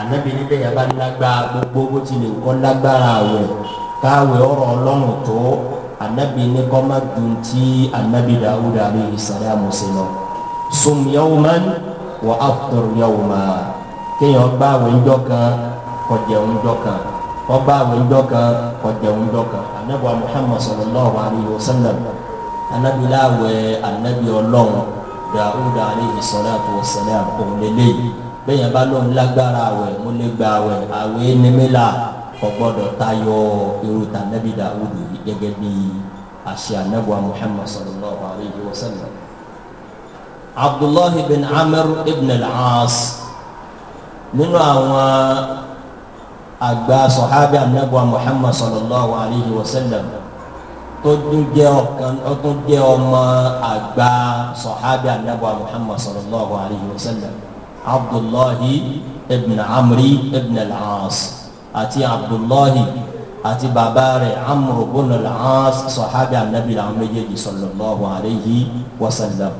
ànábi níbẹ̀ yẹn bá lágbára gbogbo bó tilẹ̀ kọ́ lágbára àwẹ̀ káwé ọ̀rọ̀ ọlọ́run tó ànábi ní kọ́ má dùn tí ànábi dàwúdà alayhi salamu sí lọ. sum yawman wa aftur yawman kéèyàn gbá àwẹ̀ ńjọ́ kan kọjẹun ńjọ́ kan ọgbà àwẹ̀ ńjọ́ kan kọjẹun ńjọ́ kan ànábi wa muhammad sallallahu alayhi wa sallam ànábi láwẹ̀ ànábi ọlọ́run dàwúdà alayhi salatu wa salam òun bẹ́ẹ̀ bá lóun lágbára àwẹ̀ mo lè gba àwẹ̀ àwẹ̀ nímílà kò gbọ́dọ̀ tayọ irú ta nẹ́bí dàwùdù yìí gẹ́gẹ́ bí àṣẹ anábọ̀ muhammad sallallahu alayhi wa sallam. abdullahi bin amr ibn al-aas nínú àwọn àgbà sọ̀hábì anábọ̀ muhammad sallallahu alayhi wa sallam tó tún jẹ́ ọmọ àgbà sọ̀hábì anábọ̀ muhammad sallallahu alayhi wa sallam abdullahi ibn amri ibn al-aas àti abdullahi àti bàbá rẹ̀ amru ibn al-aas sọ̀hábì anabi làwọn méjèèjì sallallahu alayhi wa sallam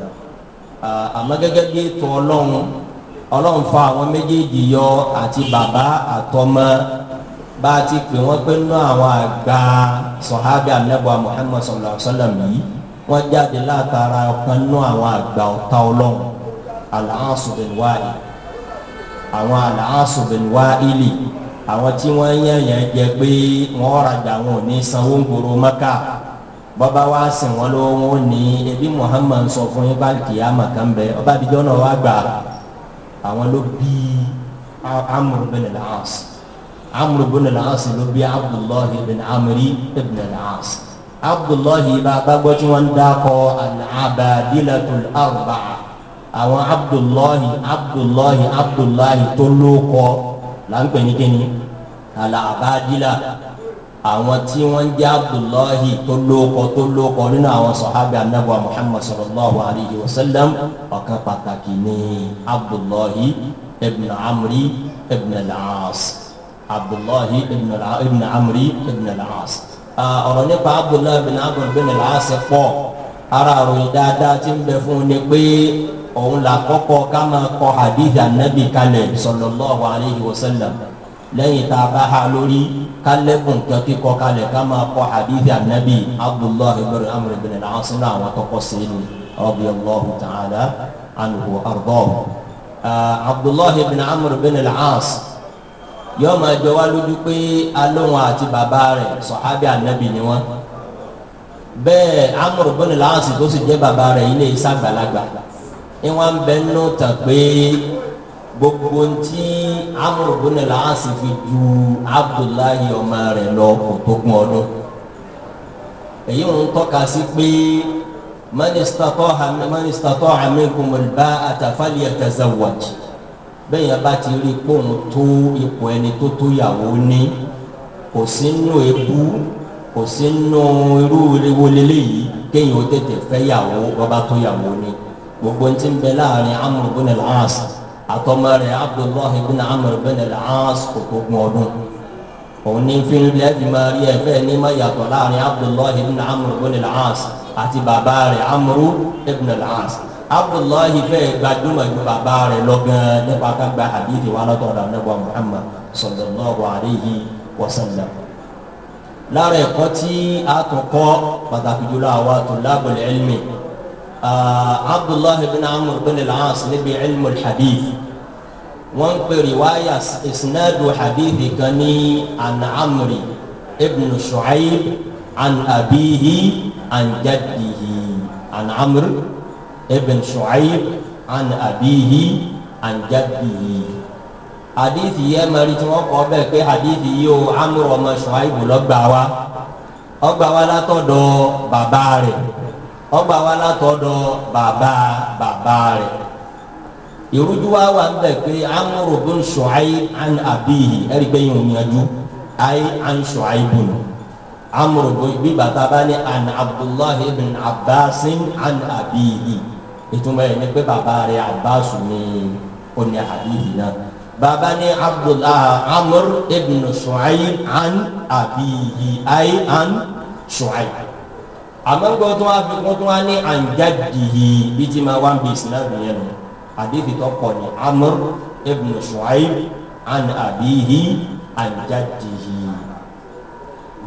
àmọ́ gẹ́gẹ́ bí ètò ọlọ́run ọlọ́run fa àwọn méjèèjì yọ àti bàbá àtọmọ bá a ti pè wọ́n pé nínú àwọn àgbà sọ̀hábì anábọ̀ muhammad sallallahu alayhi wa sallam yìí wọ́n jáde látara ọ̀kan nínú àwọn àgbà ọ̀tá ọlọ́run alaasubinwaali àwọn alaasubinwaali àwọn tí wọ́n yàn yàn jẹ pé wọ́n rajà wọn ò ní sanwó ń gbòòrò mẹ́ka bọ́bá wa sìn wọ́n lọ́wọ́ wọn ní ebi muhammed sọ fún yín báàlìkì amakan bẹ ọba àbíjọ́ náà wà gbà àwọn ló bí amúrú bẹ́ẹ̀ ní laas amúrú bẹ́ẹ̀ ní laas ló bí abdullahi bẹ́ẹ̀ amúrí bẹ́ẹ̀ ní laas abdullahi bá a bá gbọ́ tí wọ́n ń dákọ̀ àlàbàdìlẹ̀ tó lárúbàá àwọn abdullahi abdullahi abdullahi tó lóko là ń pè ní kíni àlà àbádìlà àwọn tí wọ́n jẹ́ abdullahi tó lóko tó lóko nínú àwọn sọ̀hábì anábọ̀ muhammad sallallahu alayhi wa sallam ọ̀kan pàtàkì ní abdullahi ibn amri ibn al-aas abdullahi ibn amri ibn al-aas ọ̀rọ̀ nípa abdullahi ibn amri ibn al-aas pọ̀ ara àròyìn dáadáa ti ń bẹ fún un ni pé òun là kọ́kọ́ ká máa kọ hadith anabi kalẹ̀ sallallahu alayhi wa sallam lẹ́yìn tá a bá ha lórí kálẹ́kùn kan kíkọ kalẹ̀ ká máa kọ hadith anabi abdullahi ibn amr ibn al-asim náà àwọn tọkọ sínú radiyallahu ta'ala anhu ardahu ah, abdullahi ibn amr ibn al-asim yóò máa jọ wá lójú pé alóhùn àti bàbá rẹ̀ sọ̀hábì anabi ni wọ́n bẹ́ẹ̀ amr ibn al-asim tó sì jẹ́ bàbá rẹ̀ ilé ìsàgbàlagbà ìwọ̀n bẹ̀ nù tàn pé gbogbo ntí amúròbó ni là á sì fi ju abdullahi ọmọ rẹ̀ lọ kó tó kún ọdún èyí ń tọ́ka sí pé mínísítà tó àmínkùn mọ̀lbá àtàfàlì ẹ̀tẹ̀zẹ̀wọ̀jì bẹ́ẹ̀ yẹn bá ti rí pòun tó ipò ẹni tó tó yàwó ní kò sí nù ebú kò sí nù irú wọlé yìí kéèyàn ó tètè fẹ́ yàwó bọ́bá tó yàwó ní gbogbo ń ti ń bẹ láàrin amúr bin al-aas àtọmọ rẹ abdullahi bin amúr bin al-aas kò tó gun ọdún òun ní fi lẹ́bi máa rí ẹ bẹ́ẹ̀ ní máa yàtọ̀ láàrin abdullahi bin amúr bin al-aas àti bàbá rẹ amúr bin al-aas abdullahi fẹ́ẹ́ gbajúmọ̀ ju bàbá rẹ lọ nípa ká gba àbíyèdè wa nípa muhammad sallallahu alayhi wa lára ẹ̀kọ́ tí a tún kọ́ pàtàkì jùlọ àwa tó lábẹ̀lẹ̀ ẹ̀lmẹ̀. Ah, abdullahi bin amur bin al-as níbi ilmu al-hadith wọ́n pè riwaya isnadu hadithi kan ní an amri ibn shu'aib an abihi an jaddihi an amr ibn shu'aib an abihi an jaddihi hadithi yẹ mẹ́rin tí wọ́n kọ́ bẹ́ẹ̀ pé hadithi yìí o amur ọmọ shu'aib lọ́gbà wa ọgbà wa látọ̀dọ̀ bàbá rẹ̀ ọgbà wa látọ̀dọ̀ bàbá bàbá rẹ̀ ìrújú wa wà ń bẹ̀ pé amúrò bó ń sọ ayé an àbíyì ẹ̀rí pé yóò yanjú ayé an sọ ayé bò nù amúrò bó bí bàtà bá ní an abdullahi bin abbasin an àbíyì ìtumọ̀ yẹn ni pé bàbá rẹ̀ abbasu ni ó ní àbíyì náà bàbá ní abdullahi amúrò ibn sọ ayé an àbíyì ayé an sọ ayé àmọ́ngbọ́ tó wá fi kún tó wá ní àǹjáde bí ti máa wá ń bi ìsìláàmù yẹn lọ àdéhìí tó pọ̀ ní amr ibn shuaib an abihi àǹjáde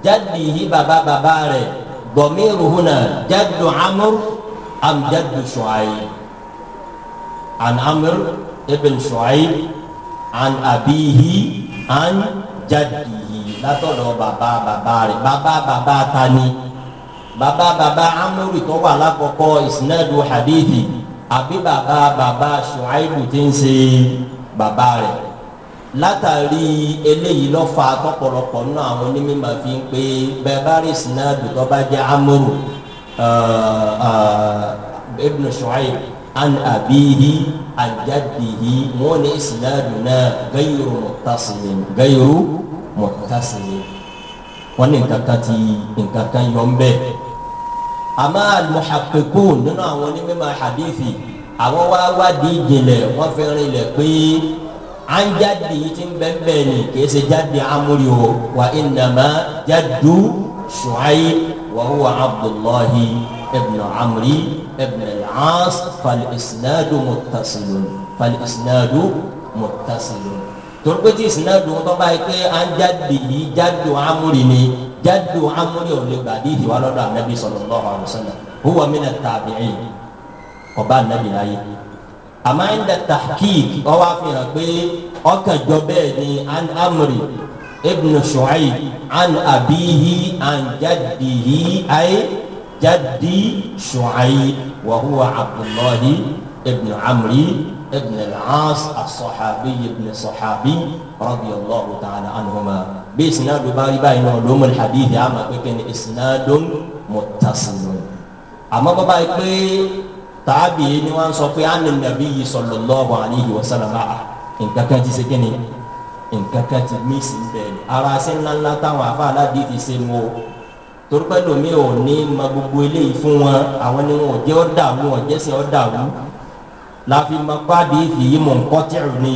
jadihi baba baba rẹ̀ gbọ̀míru huna jadu amr am jadu shuaib an amr ibn shuaib an abihi látọ̀dọ̀ baba baba rẹ̀ baba baba ta ni bàbá bàbá amúrì tó wà lákọ̀ọ́kọ́ ìsìnàdù hadithi àbí bàbá bàbá ṣùáìbù tí ń ṣe bàbá rẹ̀ látàrí eléyìí lọ́fà tọ́pọ̀lọpọ̀ nínú àwọn onímọ̀ fi ń pé bẹ́ẹ̀ bá rí ìsìnàdù tó bá jẹ́ amúrù ibn ṣùáìbù an àbíyí àjàdìyí wọn ní ìsìnàdù náà gẹ́yìrú mọ̀tàsílẹ̀ gẹ́yìrú mọ̀tàsílẹ̀ wọn ní nǹkan ti nǹkan yọ ń bẹ́ẹ̀ àmọ́ al-muhaqqiqun nínú àwọn onímọ̀ hadithi àwọn wá wádìí ìjìnlẹ̀ wọ́n fi rinlẹ̀ pé anjadi ti ń bẹ́ẹ̀ ni kìí ṣe jáde amúri o wa innama jaddu Shu'ayb wa huwa abdullahi ibn amri ibn al-As fal-isnadu muttasilun fal-isnadu muttasilun torí pé tí isnadu tó báyìí pé anjadi yìí jaddu amúri ni jaddu amúlé òní gbàdíìdì wà lọ́dọ̀ anabi sallallahu alaihi wasallam huwa mina tabi'in ọba anabi láyé àmọ́ ẹ̀ńdà tahqiq ọwọ́ àfihàn pé ọkàn jọ bẹ́ẹ̀ ni an amri ibn shu'aib an abihi an jaddihi ay jaddi shu'aib wa huwa abdullahi ibn amri. ابن العاص الصحابي ابن الصحابي رضي الله تعالى عنهما بإسناد باري باي نعلوم الحديث أما كان إسناد متصل أما بابا tàbí ni wọn sọ pé àná nàbí yìí sọlọ lọ́wọ́ àníyí wọ́sálàmà à nǹkan kan ti ṣe kí ni nǹkan kan ti mí sí bẹ́ẹ̀ ara ṣe ńlá ńlá táwọn afá aládé ti ṣe mọ́ o torípé lomi ò ní ma gbogbo eléyìí fún wọn àwọn ni wọn ò jẹ́ ọ́ dàrú wọn ò jẹ́ sẹ́ ọ́ dàrú láfi máa kó hadithu yìí munqati'u ni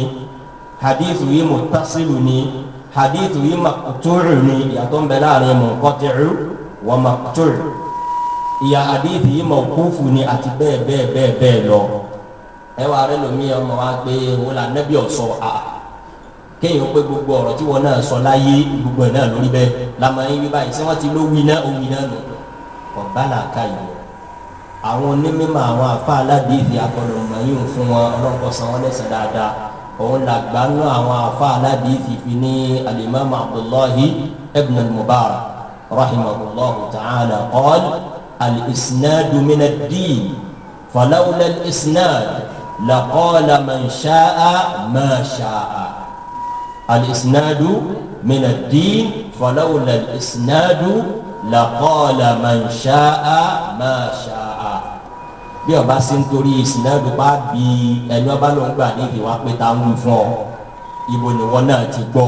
hadithu yìí muttasilu ni hadithu yìí maqtu'u ni yàtọ̀ ń bẹ láàrin munqati'u wa maqtu'u ìyá hadithu yìí mawqufu ni àti bẹ́ẹ̀ bẹ́ẹ̀ bẹ́ẹ̀ bẹ́ẹ̀ lọ ẹ wà rẹ lómi ọmọ wa pé wọn là nẹbi ọsọ a kéèyàn pé gbogbo ọ̀rọ̀ tí wọn náà sọ láyé gbogbo ẹ náà lórí bẹ́ẹ̀ lamọ yín wí báyìí sẹ wọn ti ló wí náà ó wí náà nù ọba yìí àwọn onímọ̀ àwọn afá aládìsí akọlọ̀ mọ̀nyìn fún wọn ọlọ́kọ̀ san wọn lẹ́sẹ̀ dáadáa òun là gbanú àwọn afá aládìsí fi ní alimami abdullahi ibn mubarak rahimahullahu ta'ala qol al-isnadu min ad-din falawla al-isnad laqala man sha'a ma sha'a al-isnadu min ad-din falawla al-isnadu laqala man sha'a ma sha'a bí ọba ṣe ń torí ìsìnàdù bá bi ẹni ọba ló ń gbà ní ìdíwá pé ta ń fún ọ ibo ni wọn náà ti gbọ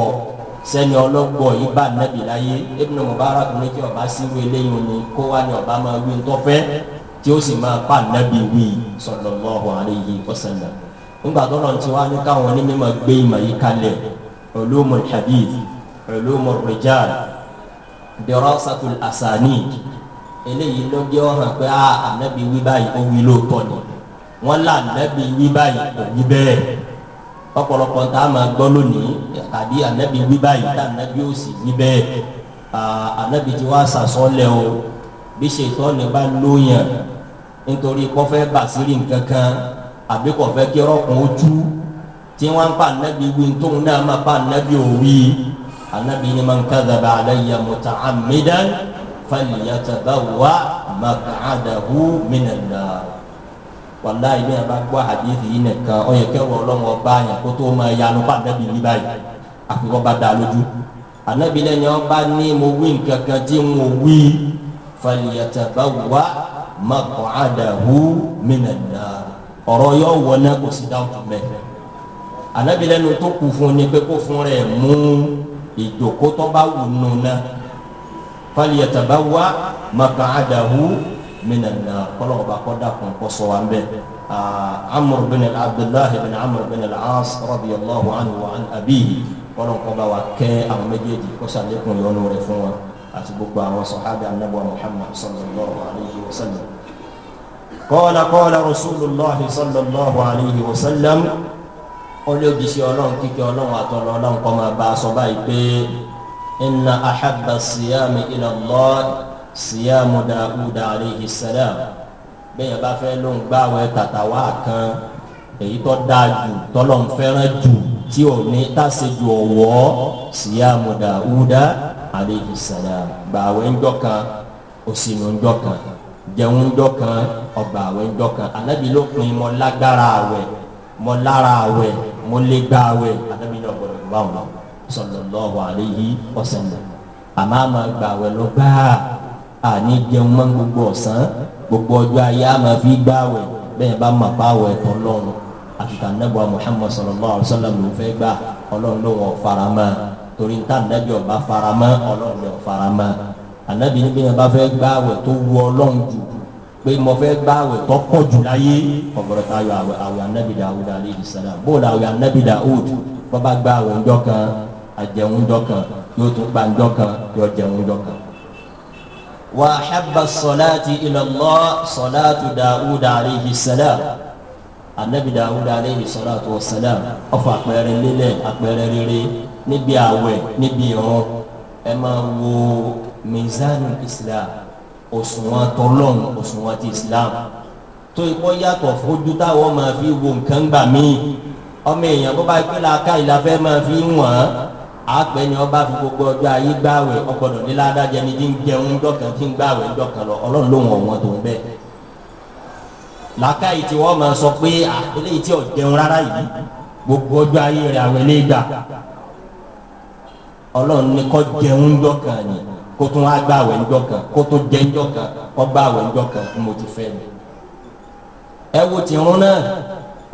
sẹni ọlọgbọ yìí bá nàbì láyé ebi ní mubarak ní kí ọba sí wí eléyìí ni kó wá ní ọba máa wí ntọ́fẹ́ tí ó sì máa pa nàbì wí sọlọ́lọ́hu àríyí ọ̀sẹ̀lẹ̀ nígbà tó lọ́n ti wá ní káwọn onímọ̀ gbé ìmọ̀ yìí kalẹ̀ olómọ̀ hadith olómọ̀ rìjáàlì dẹ́rọ́sàkùl àsàní eléyìí ló jẹ́ ọ̀hàn pé a ah, ànábi wí báyìí ó wí lóòótọ́ ni wọ́n là ànábi wí báyìí kò wí bẹ́ẹ̀ ọ̀pọ̀lọpọ̀ tá a máa gbọ́ lónìí tàbí ànábi wí báyìí tá ànábi ó sì wí bẹ́ẹ̀ ànábi ti wá sàsọ́lẹ̀ o bí ṣètò ọ̀nà bá lóyàn nítorí kọ́fẹ́ bàṣírí nǹkan kan àbí kọ́fẹ́ kí ọ̀rọ̀kùn ó tú tí wọ́n ń pa ànábi wí tóun náà máa pa ànábi òwí ànábi ni máa ń kádàbà falyatabawa maq'adahu minan nar wàláyé bí a bá gbọ́ àdéhìí yìí nìkan ọ yẹ kẹwọ́ ọlọ́wọ́ bá yẹn kó tó máa yanu bá nàbí ní báyìí àfikọ́ bá dá lójú ànábi lẹ́yìn ọba ní mo wí nǹkan kan tí mo wí falyatabawa maq'adahu minan nar ọ̀rọ̀ yóò wọ náà kò sí dáhùn tó mẹ́fẹ́ ànábi lẹ́nu tó kù fún ni pé kó fún rẹ̀ mú ìjókòó bá wù nù náà falyatabawa maq'adahu minan nar kọlọn ba kọ da kun kọ sọ an bẹ amr bin abdullahi bin amr bin al-as radiyallahu anhu wa an abihi kọlọn kọ ba wa kẹ àwọn méjèèjì kó sàlẹ kun yọnu rẹ̀ fún wa àti gbogbo àwọn sọhábì anabi wa muhammad sallallahu alayhi wa sallam qala qala rasulullahi sallallahu alayhi wa sallam ọlọ́ọ̀dì sí ọlọ́run kíkẹ́ ọlọ́run àtọ́lọ́ ọlọ́run kọ́ máa bá a sọ báyìí pé. إن أحب الصيام إلى الله صيام داود عليه السلام bẹ́ẹ̀ bá fẹ́ ló ń gbàwé tàtàwá kan èyí tó dáa jù tọ́lọ̀ ń fẹ́ràn jù tí ò ní tàṣejù ọ̀wọ́ صيام داود عليه السلام gbàwé ńjọ́ kan òsínú ńjọ́ kan jẹun ńjọ́ kan ọgbà àwẹ̀ ńjọ́ kan anábì ló pin mọ́ lágbára àwẹ̀ mọ́ lára àwẹ̀ mọ́ lé gbà àwẹ̀ anábì náà gbọ́dọ̀ gbà wọn sallallahu alayhi wa sallam àmọ́ àmọ́ gbàwẹ̀ lọ gbáà àní jẹun mọ́ gbogbo ọ̀sán gbogbo ọjọ́ ayé àmọ́ fi gbàwẹ̀ bẹ́ẹ̀ bá mọ̀ báwẹ̀ tọ́ lọ́run àtúntà nẹ́bọ̀ Muhammad sallallahu alayhi wa sallam ló fẹ́ gbà ọlọ́run ló wọ̀ faramọ́ torí ntá nẹ́bí ọba faramọ́ ọlọ́run ló faramọ́ ànábì níbi yẹn bá fẹ́ gbàwẹ̀ tó wù ọlọ́run jù pé mo fẹ́ gbàwẹ̀ tó pọ̀ jù láyé ọ̀gbọ̀rọ̀ tá a yọ àwẹ̀ àwẹ̀ ànábì Dawud alayhi salam bóòlù àwẹ̀ ànábì Dawud bọ́ bá gbàwẹ̀ ńjọ́ kan àjẹunjọ kan yóò tún gbàǹjọ kan yóò jẹunjọ kan. wà á habba sọláàtì ilallah sọláàtù dàwúdà àlejò sẹlẹm anabi dàwúdà àlejò sọláàtù sẹlẹm ọfọ àpẹẹrẹ lélẹ̀ àpẹẹrẹ rere níbi àwẹ̀ níbi ìrun ẹ máa wo mizanu islam òṣùwọ̀n tọlọ́n òṣùwọ̀n ti islam tó ikọ́ yàtọ̀ fojú táwọn máa fi wo nǹkan gbà míì ọmọ èèyàn bó bá gbé la ká ìlà máa fi wọ̀n àpẹ ni ọba fi gbogbo ọjọ́ ayé gbàwẹ̀ ọgbọ́dọ̀ nílá adájẹ ni tí ń jẹun dọ́kan tí ń gbàwẹ̀ dọ́kan lọ ọlọ́run ló wọ̀n wọn tó ń bẹ́ẹ̀. làákàyè tí wọ́n máa sọ pé àpẹlẹ́ yìí tí ò jẹun rárá yìí gbogbo ọjọ́ ayé rẹ̀ àwẹ̀ lé gbà ọlọ́run ní kọ́ jẹun dọ́kan ni kó tún á gbàwẹ̀ dọ́kan kó tún jẹ dọ́kan kó gbàwẹ̀ dọ́kan mo ti fẹ́ mi. ẹ wo tìrún náà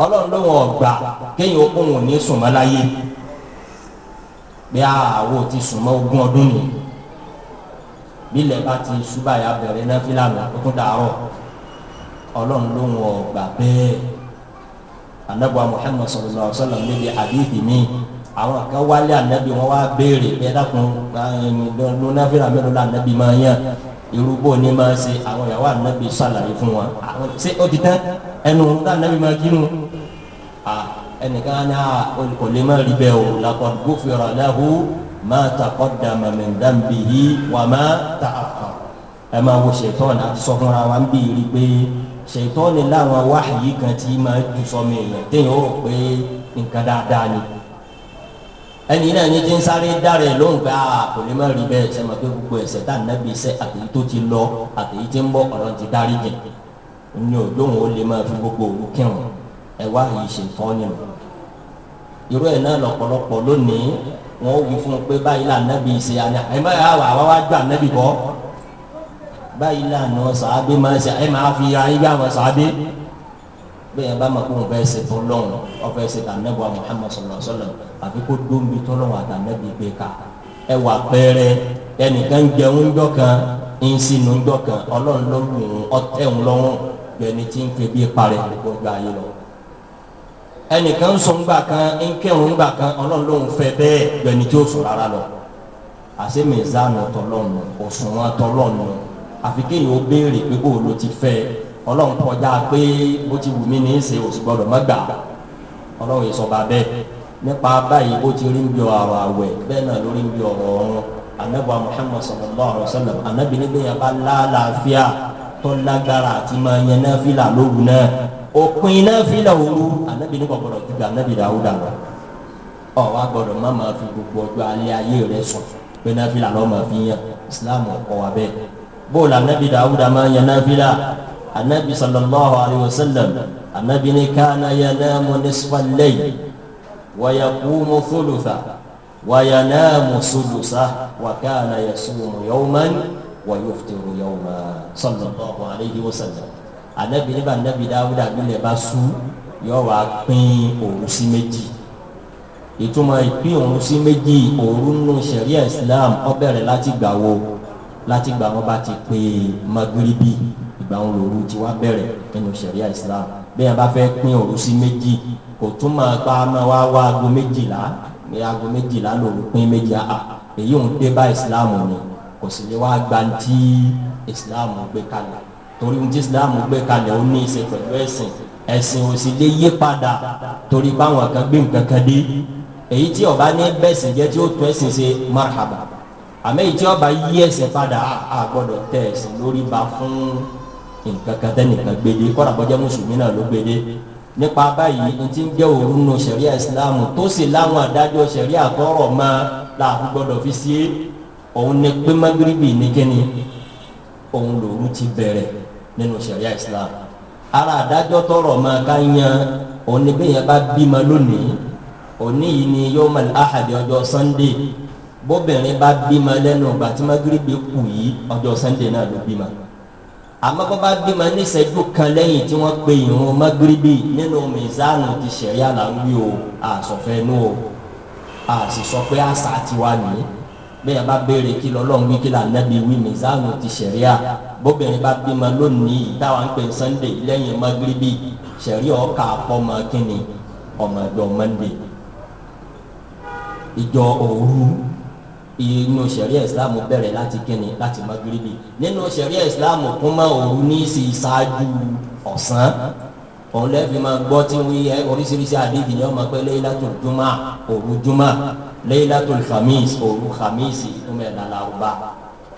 ọlọ́run ló wọ̀n gbà kéèyàn ó kóhun ò ní láyé pé ah, àwọ̀ ti sùnmọ́ ogún ọdún nìyí bílẹ̀ bá ti ṣúbà yà bẹ̀rẹ̀ náà fílànà tó tún dàárọ̀ ọlọ́run ló ń wọ bẹ́ẹ̀ anabu muhammad sallallahu alaihi wa sallam níbi àdìdì mi àwọn kan wálé anabi wọn wá béèrè bẹ́ẹ̀ dákun ló náà fílànà mẹ́rin ló anabi máa yàn irúgbó ni máa ṣe àwọn ìyàwó anabi ṣàlàyé fún wọn ṣé ó ti tán ẹnu anabi máa kírun ẹnìkan ní a ah, kò lè má rí bẹ́ẹ̀ o laqad ghufira lahu ma taqaddama min dhanbihi wa ma ta'akhkhar ẹ máa wo ṣètọ́nà sọfúnra wa ń bí rí pé ṣètọ́nì láwọn wáhìí kan tí máa ju sọmi èèyàn téèyàn ó rò pé nǹkan dáadáa ni ẹni náà ní ti ń sáré dáre ló ń gbà kò rí bẹ́ẹ̀ ṣe máa pé gbogbo ẹ̀ṣẹ̀ tá nàbí iṣẹ́ àtèyí tó ti lọ àtèyí tí ń bọ̀ ọ̀rọ̀ ti dárí jẹ̀ ní òjò òun ó lè máa fi gbogbo òru kírun ẹ wá yìí ṣe tán ni o irú ẹ̀ náà lọ́pọ̀lọpọ̀ lónìí wọn ò wí fún un pé báyìí là nẹ́bí ṣe àná ẹ má yà wà wá gbà nẹ́bí bọ́ báyìí lànà sàábé máa ṣe ẹ máa fi ayé bí àwọn sàábé bẹ́ẹ̀ bá máa kó wọn fẹ́ ṣe fún lọ́wọ́ wọn ṣe tànẹ́bù muhammed sọlọ sọlọ àfi kó dóńbi tọ́lọ̀ wà tànẹ́bù gbé ká ẹ wà pẹ́ẹ́rẹ́ ẹnìkan jẹun ńjọ́ kan ń sinú ńjọ́ kan ọlọ́run ló lù ú ọtẹ̀ ńlọ́rùn gbẹni tí ń ké bí parẹ́ gbogbo ayé lọ ẹnìkan ń sùn gbà kan ń kírun gbà kan ọlọ́run ló ń fẹ́ bẹ́ẹ̀ gbẹ̀ni tí ó sùn rárá lọ àṣé mẹ̀zánù tọlọ́nù òṣùwọ̀n tọlọ́nù àfi kéèyàn ó béèrè pé bó ló ti fẹ́ ọlọ́run kọjá pé bó ti wù mí ní í ṣe òsì gbọ́dọ̀ má gbà ọlọ́run yìí sọba bẹ́ẹ̀ nípa báyìí bó ti rí ń bí ọ̀rọ̀ àwẹ̀ bẹ́ẹ̀ náà ló rí ń bí ọ̀rọ̀ ọ̀run anabi wa muhammad sallallahu alaihi wa sallam anabi nígbà yẹn bá lálàáfíà tó lágbára àti máa yẹn náà fìlà lóru náà òpin iná fílà òru ànábì ní gbọgbọdọ ju ànábì dàwúdà lọ ọ wa gbọdọ má máa fi gbogbo ọjọ alẹ ayé rẹ sùn pé iná fílà lọ máa fi yan islam ọkọ wa bẹẹ bóòlù ànábì dàwúdà máa yan iná fílà ànábì sallallahu alayhi wa sallam ànábì ní káàná yanáàmú nísfà lẹyìn wàyàkúmú fúlùfà wàyànáàmú sùlùsà wàkáàná yasúmù yawman wàyófìtìrù yawman sallallahu alayhi wa sallam anabi nígbà anabi dáwúdà gbilẹ̀ bá sú yọ wá pín òru sí méjì ìtumọ̀ ìpín òru sí méjì òru nù sẹ̀ríà islam ó bẹ̀rẹ̀ láti gbà wo láti gbà wọn bá ti pè magiribi ìgbà wọn lòru ti wá bẹ̀rẹ̀ nínú sẹ̀ríà islam bẹ́ẹ̀ bá fẹ́ pín òru sí méjì kò tún máa pa máa wá wá aago méjìlá ní aago méjìlá lòru pín méjì àá èyí òun dé bá islam ni kò sì lè wá gbanti islam gbé kalẹ̀ torí ohun tí islamu gbé kalẹ̀ ó ní í ṣe pẹ̀lú ẹ̀sìn ẹ̀sìn ò sì lè yí padà torí báwọn kan gbé nǹkan kan dé èyí tí ọba ní bẹ́sìn jẹ́ tí ó tún ẹ̀sìn ṣe marhaba àmọ́ èyí tí ọba yí ẹ̀sìn padà á gbọ́dọ̀ tẹ̀ ẹ̀sìn lórí ba fún nǹkan kan tẹ́nìkan gbédé kọ́ra bọ́jẹ́ mùsùlùmí náà ló gbédé nípa báyìí n ti ń jẹ́ òórùn nu sẹ̀ríà ìsìláàmù tó sì láwọn àdájọ́ sẹ̀ríà tọrọ̀ mọ́ làwọn gbọ́dọ̀ fi sí òun ní pé magrebi ní kíni òun lòun ti bẹ̀rẹ̀ nínú sẹ̀ríà islam ara àdájọ́ tọrọ máa ká yan òní bí yẹn bá bímọ lónìí òní yìí ni yóò mọ àhàdì ọjọ́ sunday bóbìnrin bá bímọ lẹ́nu ìgbà tí magrebi kù yìí ọjọ́ sunday náà ló bímọ àmọ́ bó bá bímọ ní ìṣẹ́jú kan lẹ́yìn tí wọ́n pe ìrún magrebi nínú mizanu ti sẹ̀ríà là wí o àsọ̀fẹ́ nù o àsìsọ pé àṣà tiwa nìyí bẹ́ẹ̀ bá béèrè kí lọ́lọ́run wí kí lànàbí wí mizanu ti sẹ̀ríà bóbìnrin bá bímọ lónìí táwa ń pè sunday lẹ́yìn magribi sẹ̀ríà ọkà àpọ̀mọ kínni ọmọ ẹ̀dọ̀ monday ìjọ òru inú sẹ̀ríà islam bẹ̀rẹ̀ láti kínni láti magribi nínú sẹ̀ríà islam kún mọ́ òru ní sí ṣáájú ọ̀sán òun lẹ́ẹ̀fi máa gbọ́ tí wí oríṣiríṣi àdéhìí ni ọmọ pẹ́lẹ́ ilátò jùmọ̀ òru jùmọ̀ laylatul khamis òru khamisi ọmọ ẹ̀ làlàrúbá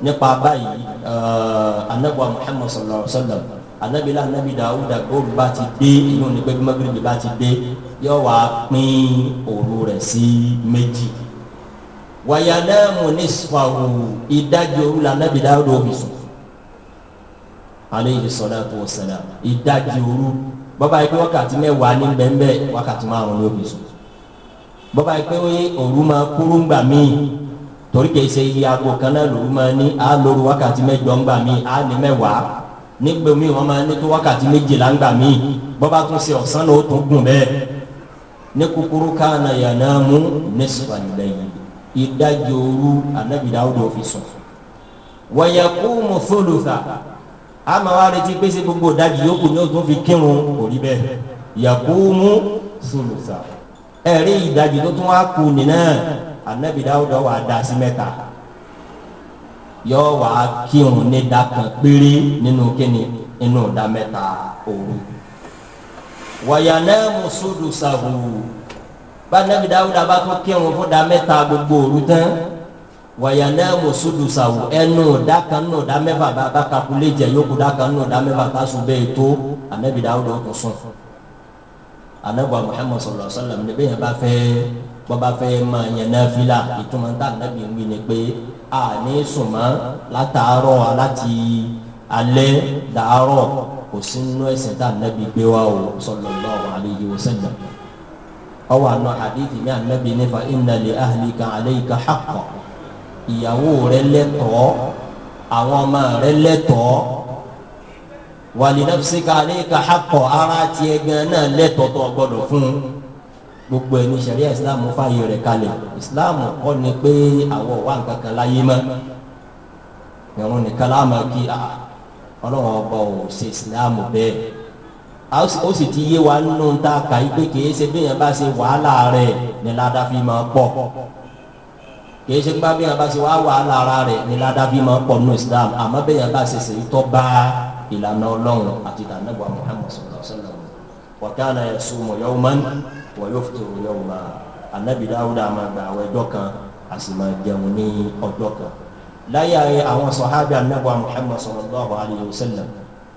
nípa báyìí anabi eh, muhammad sallallahu alaihi wa sallam anabi la anabi dawuda gbóòrù bá ti dé inú ní pé magrebi bá ti dé yọ wá pín òru rẹ̀ sí méjì wàyàlẹ́mù nísfàwù ìdájọ́ òru la anabi dawuda òbí sùn aleyhi salatu wa salam ìdájọ́ òru bàbá yìí pé wákàtí mẹ́wàá ní bẹ́ẹ̀ bẹ́ẹ̀ wákàtí márùn-ún ló bí bọ́ba yìí pé òru máa kúrú ń gbà míì torí kìí ṣe iye aago kan náà lòru máa ní á lóru wákàtí mẹ́jọ ń gbà míì á ní mẹ́wàá nígbà míì wọ́n máa ní tó wákàtí méjìlá ń gbà míì bọ́ba tún ṣe ọ̀sán náà ó tún gùn bẹ́ẹ̀ ní kúkúrú káàna yàrá mú nísìkò àyìnlẹ̀ yìí ìdájọ́ òru anábìdá ó lọ fi sùn. wọ̀nyẹ kú mu fólùfà á máa wá retí pé ṣé gbogbo ìdájọ́ yòókù ni ó tún fi kírun kò bẹ́ẹ̀ yẹ kú mu fólùfà ẹ̀rí ìdajì tó tún wá kù nínú anabi dawuda wà dá sí mẹ́ta yọ wà kírun ní dakan péré nínú kíni inú da mẹ́ta òru wàyànà musudu sahu bá anabi dawuda bá tún kírun fún da mẹ́ta gbogbo òru tán wàyànà musudu sahu ẹnu dakan nù da mẹ́fà bá bá kakulé jẹ yókù dakan nù da mẹ́fà kásù bẹ́ẹ̀ tó anabi dawuda tó sùn fún anabuwa muhammad sallallahu alaihi wa sallam níbẹ̀ yẹn bá fẹ́ bọ́ba fẹ́ máa yẹn náà fila ìtumọ̀ ntá anabi ń wí ni pé a ní sùnmọ́ látàárọ̀ aláti alẹ́ dàárọ̀ kò sí nínú ẹ̀sìn tá anabi gbé wa o sallallahu alaihi wa sallam ọwọ́ àná hadithi ní anabi nífa inna li ahlika alayka haqqa ìyàwó rẹ lẹ́tọ̀ọ́ àwọn ọmọ rẹ lẹ́tọ̀ọ́ wàlínàfisíkà aléka hakọ̀ ara tiẹ̀ e gan náà lẹ́tọ̀ọ̀tọ̀ gbọ́dọ̀ fún un gbogbo ẹni sariya islam fààyè rẹ̀ kalẹ̀ islam kọ́ ni pé àwọ̀ wà nǹkan kan láyé mọ́ ìrún nìkan láàmú kí ah, ọlọ́run ọba ò ṣe islam bẹ́ẹ̀ ó sì ti yé wa nínú ta kà í pé kìí ṣe bí yẹn bá ṣe wàhálà rẹ̀ ni ládàá fi máa kìí ṣe bí yẹn bá ṣe wàhálà rẹ̀ ni ládàá fi máa nínú islam àmọ́ bí yẹn bá ṣe ṣe tọ́ bá ìlànà ọlọ́run àti ìlànà ìwà muhammed sallallahu alayhi wa sallam wàkàlà yasumu yawman wa yuftiru yawman anabi dawuda máa gba àwọn ẹjọ́ kan a sì máa jẹun ní ọjọ́ kan láyé ayé àwọn sọ̀hábì anabi muhammed sallallahu alayhi wa sallam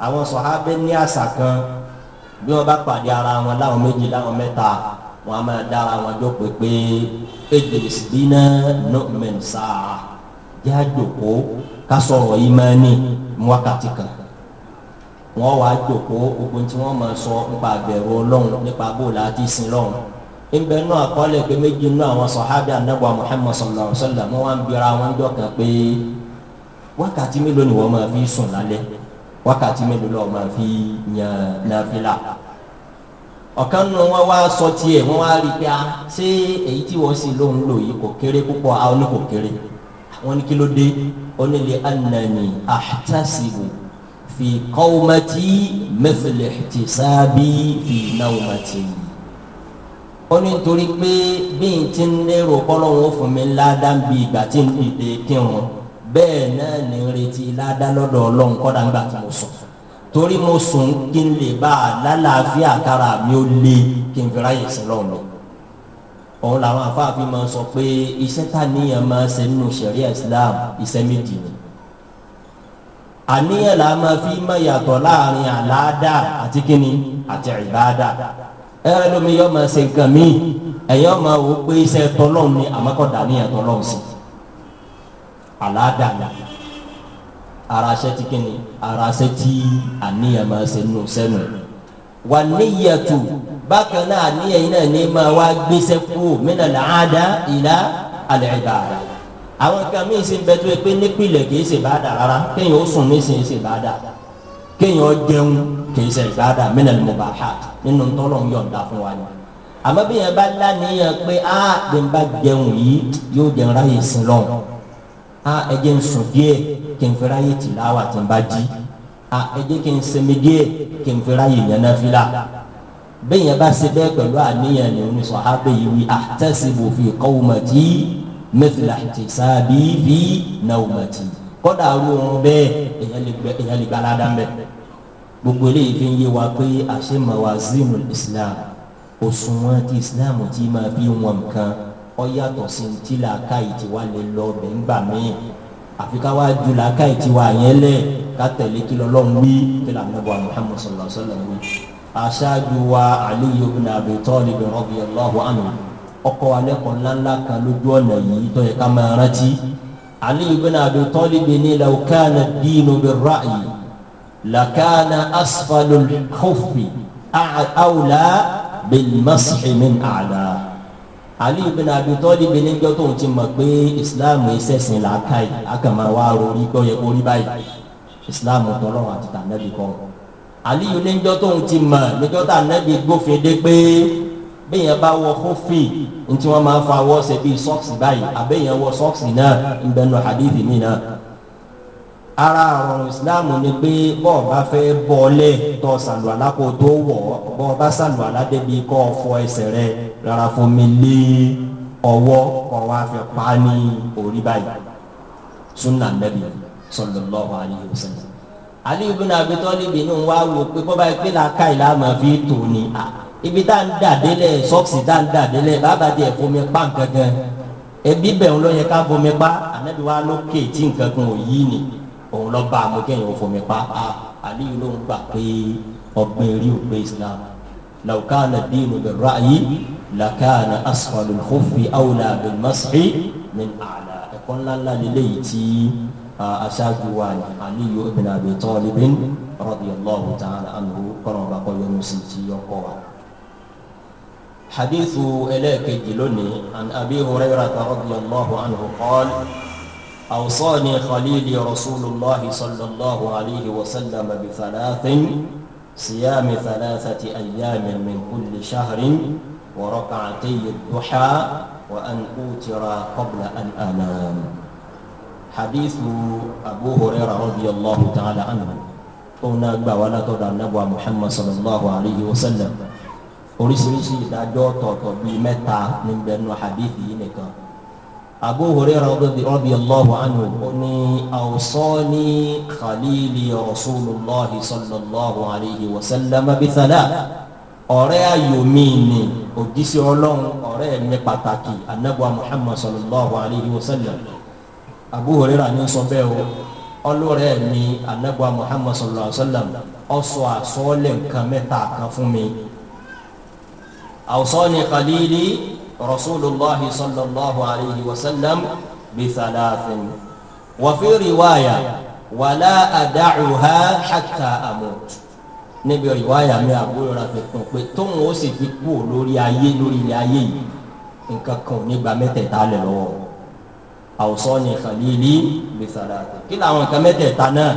àwọn sọ̀hábì ní àṣà kan bí wọ́n bá pàdé ara wọn láwọn méjì láwọn mẹ́ta wọn a máa dára wọn jọ pé pé ejìlísì dínà nọ́ọ̀mẹ̀nsáà jájòkó kásọ̀rọ̀ ìmánì ní wákàtí kan wọn wàá jòkó gbogbo tí wọn máa sọ nípa àbẹ̀rù ọlọ́run nípa bóòlù àti ìsìn lọ́run nbẹ nù àkọọ́lẹ̀ pé méjì nù àwọn sọ̀hábì anábọ̀ muhammed sallallahu alayhi wa sallam wọn wá ń bira wọn jọ kan pé wákàtí mélòó ni wọn máa fi sùn lálẹ́ wákàtí mélòó ni wọn máa fi yan nàfìlà ọ̀kan nù wọn wá sọ tiẹ̀ wọn wá rí i pé a ṣé èyí tí wọ́n sì lóun lò yìí kò kéré púpọ̀ àwọn ní kò kéré àwọn ní kí ló dé ó nílé anani àtàsíwò fi kọ́wọ́mẹ́tì mẹ́fìlẹ̀ ti sáábì fi náwọ́mẹ́tì. ó ní torí pé bí n ti ń lérò kọ́lọ́hún fún mi ládàá bí ìgbà tí n dìde kírun bẹ́ẹ̀ náà ní retí ládàá lọ́dọ̀ ọlọ́run kọ́dà ńgbà tí mo sùn torí mo sùn kí n lè bá a lálàáfíà kára mi ó lé kí n fi ráyè sí lọ́nà òun làwọn afáàfin máa sọ pé iṣẹ́ tá a níyàn máa ṣe nínú sẹ̀ríà Islam iṣẹ́ méjì ni àníyàn là máa fi má yàtọ̀ láàrin àláàdá àti kíni àti ìbáàdá ẹ̀rọ lómi yọ máa ṣe nǹkan míì ẹ̀yọ́ máa wò ó pé iṣẹ́ tọ́lọ́hún ni àmọ́kọ̀dá níyàn tọ́lọ́hún sí àláàdá ni ara ṣẹ́ ti kíni ara ṣẹ́ ti àníyàn máa ṣe nù sẹ́nu wà níyàtò bákan náà àníyàn yìí náà ní máa wá gbéṣẹ́ kú mí nà láàdá ìlà àlẹ́ ìbáàdá àwọn nǹkan míì sì ń bẹ tó yẹ pé nípìnlẹ̀ kìí ṣe bá dà rárá kéèyàn ó sùn nísìnyí ṣe bá dà kéèyàn ó jẹun kìí ṣe bá dà minal mubahat nínú tọ́lọ̀ ń yọ̀ǹda fún wa ni àmọ́ bí yẹn bá lánìyàn pé a lè ń bá jẹun yìí yóò jẹun ráyè sin lọ́n a ẹ ń sùn díẹ̀ kí n fi ráyè tì láwà tí n bá jí a ẹ kí n sinmi díẹ̀ kí n fi ráyè yẹn náà fi là bẹ́ẹ̀ yẹn bá mẹtìlá ti sáàbì bí nàwùmẹtì kọ́dà arú ọ̀run bẹ́ẹ̀ èèyàn lè gba aládá mbẹ́ gbogbo eléyìí fi ń yé wa pé àṣẹ mawazinu islam òṣùwọ̀n ti islam ti máa bí wọn nǹkan ọ yàtọ̀ sí ti làákà ìtì wa lè lọ ọbẹ̀ ńgbà míì àfi ká wá ju làákà ìtì yẹn lẹ̀ ká tẹ̀lé kí lọ́lọ́run wí kí làwọn ọmọ muhammed sallallahu alayhi wa sallam wí aṣáájú wa aliyu bin abi tọ́lib rọ́bì allahu anhu ọkọ̀ alẹ́ kan ńláńlá kan lójú ọ̀nà yìí tó yẹ ká máa rántí. Ali ibn Abi Talib ni law kana ad-dinu bir-ra'yi lakana asfalul khuffi awla bil-mashi min a'la. Ali ibn Abi Talib ni jọ́ tóun ti mọ̀ pé ìsìláàmù ìṣẹ̀sìn làákàyè akàmọ̀ wa rori gbọ́ yẹ kó báyìí ìsìláàmù tọ́lọ́run àti tànẹ́bì kan. Ali yìí ni jọ́ tóun ti mọ̀ níjọ́ tànẹ́bì gbófin dé pé bẹ́yẹn bá wọ hófì ntí wọ́n máa fa awọ́ ṣe bíi sọ́ọ̀sì báyìí àbẹ́yẹn wọ sọ́ọ̀sì náà ìbẹ̀nu hadith mi náà. ara àrùn islam ni pé bọ́ọ̀ bá fẹ́ bọ́ọ̀lẹ̀ tọ́ sàlù alákò tó wọ̀ bọ́ọ̀ bá sàlù aládẹ́bí kọ́ fọ ẹsẹ̀ rẹ rárá fún mi lé ọwọ́ kọ́ wá fẹ́ pa á ní orí báyìí sunna nabi sallallahu alayhi wa sallam. ali ibùnà abitọ́lì bínú wa wò pé bọ́ba ìpínlẹ̀ akáyìlá máa fi tò ní àná ibi tá à ń dà délẹ̀ sọ́ọ̀sì tá à ń dà délẹ̀ bàbá tiẹ̀ fomi pa nǹkan gan ẹbí bẹ̀rù ló yẹ ká fomi pa ànábi wa lókè tí nǹkan kan ò yí ni òun lọ bá àmú kẹ́yìn ò fomi pa a àlíyìn ló ń gbà pé ọgbẹ́ rí ò pé islam làwùkánà dínú bẹ̀ ráàyè làkánà asfalu kófì awùlà bẹ̀ mọ́sí ní àlà ẹ̀kọ́ ńláńlá lélẹ́yìí tí aṣáájú wa ní àlíyìn ibn Abi Talib radiyallahu ta'ala anhu kọ́nà ọba kọ́ yọnu sí ti ọkọ wa. حديث إليك جلني عن أبي هريرة رضي الله عنه قال أوصاني خليلي رسول الله صلى الله عليه وسلم بثلاث صيام ثلاثة أيام من كل شهر وركعتي الضحى وأن أوتر قبل أن أنام حديث أبو هريرة رضي الله تعالى عنه أقبل ولا تدع النبوة محمد صلى الله عليه وسلم oríṣiríṣi ìdájọ́ tọ̀tọ̀ bíi mẹ́ta níbẹ̀ nù hadith yìí nìkan. abu hurairah radiyallahu anhu ó ní awsani khalili rasulillahi sallallahu alayhi wa sallam bithala ọ̀rẹ́ ayò mi ni òjíṣẹ́ ọlọ́run ọ̀rẹ́ mi pàtàkì anabu muhammad sallallahu alayhi wa sallam abu hurairah ní sọ bẹ́ẹ̀ o ọlọ́rẹ́ mi anabu muhammad sallallahu alayhi wa sallam ó sọ nǹkan mẹ́ta kan fún mi. أوصاني qalili رسول الله صلى الله عليه وسلم بثلاث، وفي رواية ولا أدعها حتى أموت. amut níbi ìwáyà mi àbúrò rà fi kún pé tóun ó sì fi kú lórí ayé lórí ilé ayé yìí nǹkan kan ò mẹ́tẹ̀ẹ̀ta lẹ̀ lọ́wọ́ àwòsàn ni khalili bi thalathin kí làwọn nǹkan mẹ́tẹ̀ẹ̀ta náà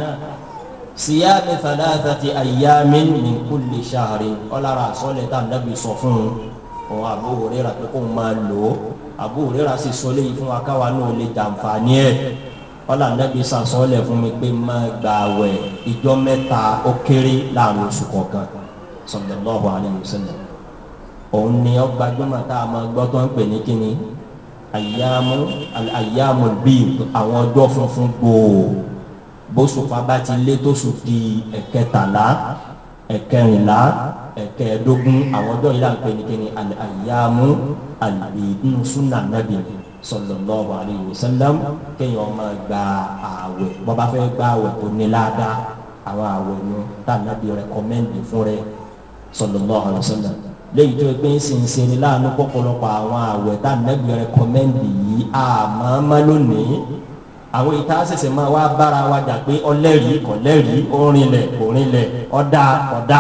síyáàmì fàdáàtàtì àyàmì ní kúlì sàárì ọlára àsọlẹ̀ tá a nàbì sọ fún un òun Abu Huraira pé kóun máa lò ó Abu Huraira sì sọ léyìí fún wa káwa náà lè jàǹfààní ẹ̀ ọlà nàbì sàsọlẹ̀ fún mi pé máa gbààwẹ̀ ìjọ mẹ́ta ó kéré láàrin oṣù kọ̀ọ̀kan sallallahu alaihi wasallam òun ni ó gbajúmọ̀ tá a máa gbọ́ tó ń pè ní kíni àyàmù àyàmù bíi àwọn funfun gbòò bóṣùpá bá ti lé tóṣù di ẹ̀kẹtàlá ẹ̀kẹrìnlá ẹ̀kẹẹ̀dógún àwọn ọjọ́ yìí là ń pè ní kíni àyàmú àlùbíyí súnà nàbì sallallahu alayhi wa sallam kéèyàn máa gba ààwẹ̀ bọ́ bá fẹ́ gba ààwẹ̀ kò ní ládàá àwọn ààwẹ̀ nu tànàbí rẹkọmẹ́ndì fún rẹ sallallahu alayhi wa sallam léyìí tó gbé sinsinni láàánú pọ̀pọ̀lọpọ̀ àwọn ààwẹ̀ tànàbí rẹkọmẹ́ndì yìí àmọ́ lónìí àwọn ìta ṣẹ̀ṣẹ̀ máa wá bára wa jà pé ọlẹ́rìí kọ̀lẹ́rìí orinlẹ̀ orinlẹ̀ ọ̀dà ọ̀dà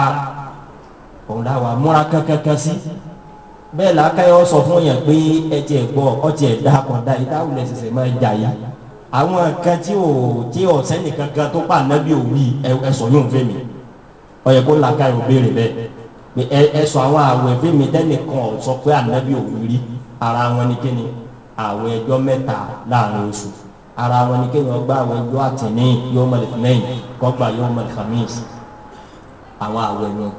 òun la wà múra kankankan sí bẹ́ẹ̀ làákàyọ̀ sọ fún yẹn pé ẹtì ẹ̀gbọ́ ọtí ẹ̀dá kọ̀dá ìdáwùlẹ̀ ṣẹ̀ṣẹ̀ máa jà yá àwọn kan tí ò tí ò sẹ́ni kankan tó pa ànábì òwì ẹ̀sọ̀ yóò fẹ́ mi ọ̀yẹ̀ kó làákàyọ̀ béèrè bẹ́ẹ̀ ẹ̀sọ̀ àwọn àwẹ̀ fẹ́ mi tẹ́nìkan sọ pé ànábì òwì rí ara wọn ni kíni àwẹ̀ ẹjọ́ mẹ́ta láàrin oṣù f ara wọn ni kéèyàn gbá àwọn ìjọ àtẹ̀ní yóò mọ̀lẹ̀ fúnẹ́yìn kọ́gbà yóò mọ̀lẹ̀ khamis àwọn àwẹ̀ yẹn.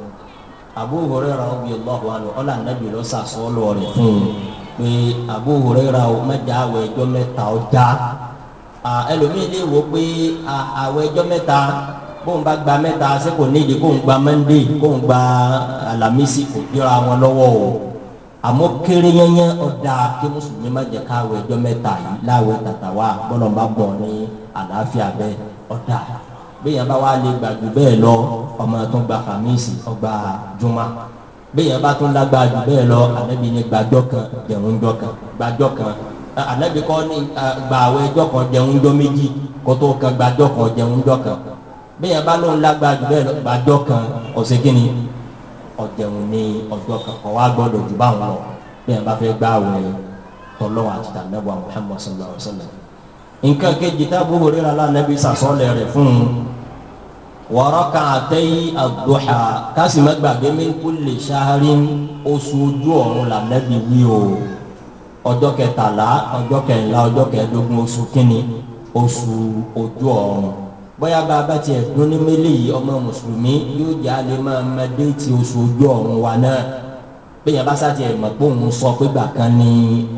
Abu Huraira radiyallahu anhu ọ̀là nàbì lọ sàsọ́ọ̀lọ̀ rẹ̀ fún un pé Abu Huraira mẹ́ta àwẹ̀ ìjọ mẹ́ta a ẹlòmíì lè wò pé àwẹ̀ ìjọ mẹ́ta bóun bá gba mẹ́ta ṣé kò nídìí kóun gba Monday kóun gba Alamisi kò dira wọn lọ́wọ́ o àmọ́ kéré yẹnyẹn ọ̀dà kí mùsùlùmí má jẹ́ káwọ́ ẹjọ́ mẹ́ta yìí láwọ̀ tàtà wá bọ́lọ̀ bá bọ̀ ní àlàáfíà bẹ́ẹ̀ ọ̀dà bẹ́ẹ̀yàn bá wà lè gbàgbé bẹ́ẹ̀ lọ ọmọ tó gba kàmíìsì ọgbà juma bẹ́ẹ̀yàn bá tún lágbàá jù bẹ́ẹ̀ lọ ànábì ní gbàjọ́ kan jẹun jọ kan gbàjọ́ kan ànábì kọ́ ní gbàwọ́ ẹjọ́ kan jẹun jọ méjì kótó kan gbàjọ́ kan jẹun jọ kan bẹ́ẹ̀yàn bá lóun lágbàá jù bẹ́ẹ̀ lọ gbàjọ́ kan ọ̀sẹ̀ kìíní ọ̀jẹ̀un ní ọjọ́ kankan wá gbọ́dọ̀ jù bá wọn lọ bí wọn bá fẹ́ gbá àwẹ̀ tọ́lọ́wọ́ àti tànàbọ̀ Muhammad sallallahu alayhi wa sallam. nǹkan kejì tábù Hurairah lánàbí sàsọ́lẹ̀ rẹ̀ fún un wọ́rọ́kà àtẹ́yí ad-duha kásì má gbàgbé min kulli shahrin oṣù ojú ọ̀run lànàbí wí o ọjọ́ kẹtàlá ọjọ́ kẹrìnlá ọjọ́ kẹẹ̀ẹ́dógún oṣù kínní oṣù ojú ọ̀run bóyá bá a bá tiẹ̀ dún ní mélé yìí ọmọ mùsùlùmí yóò jẹ́ a lè máa ma déètì oṣù ojú ọ̀run wa náà bẹ́ẹ̀ yẹn bá sáà tiẹ̀ mọ̀ pé òun sọ pé gbà kan ní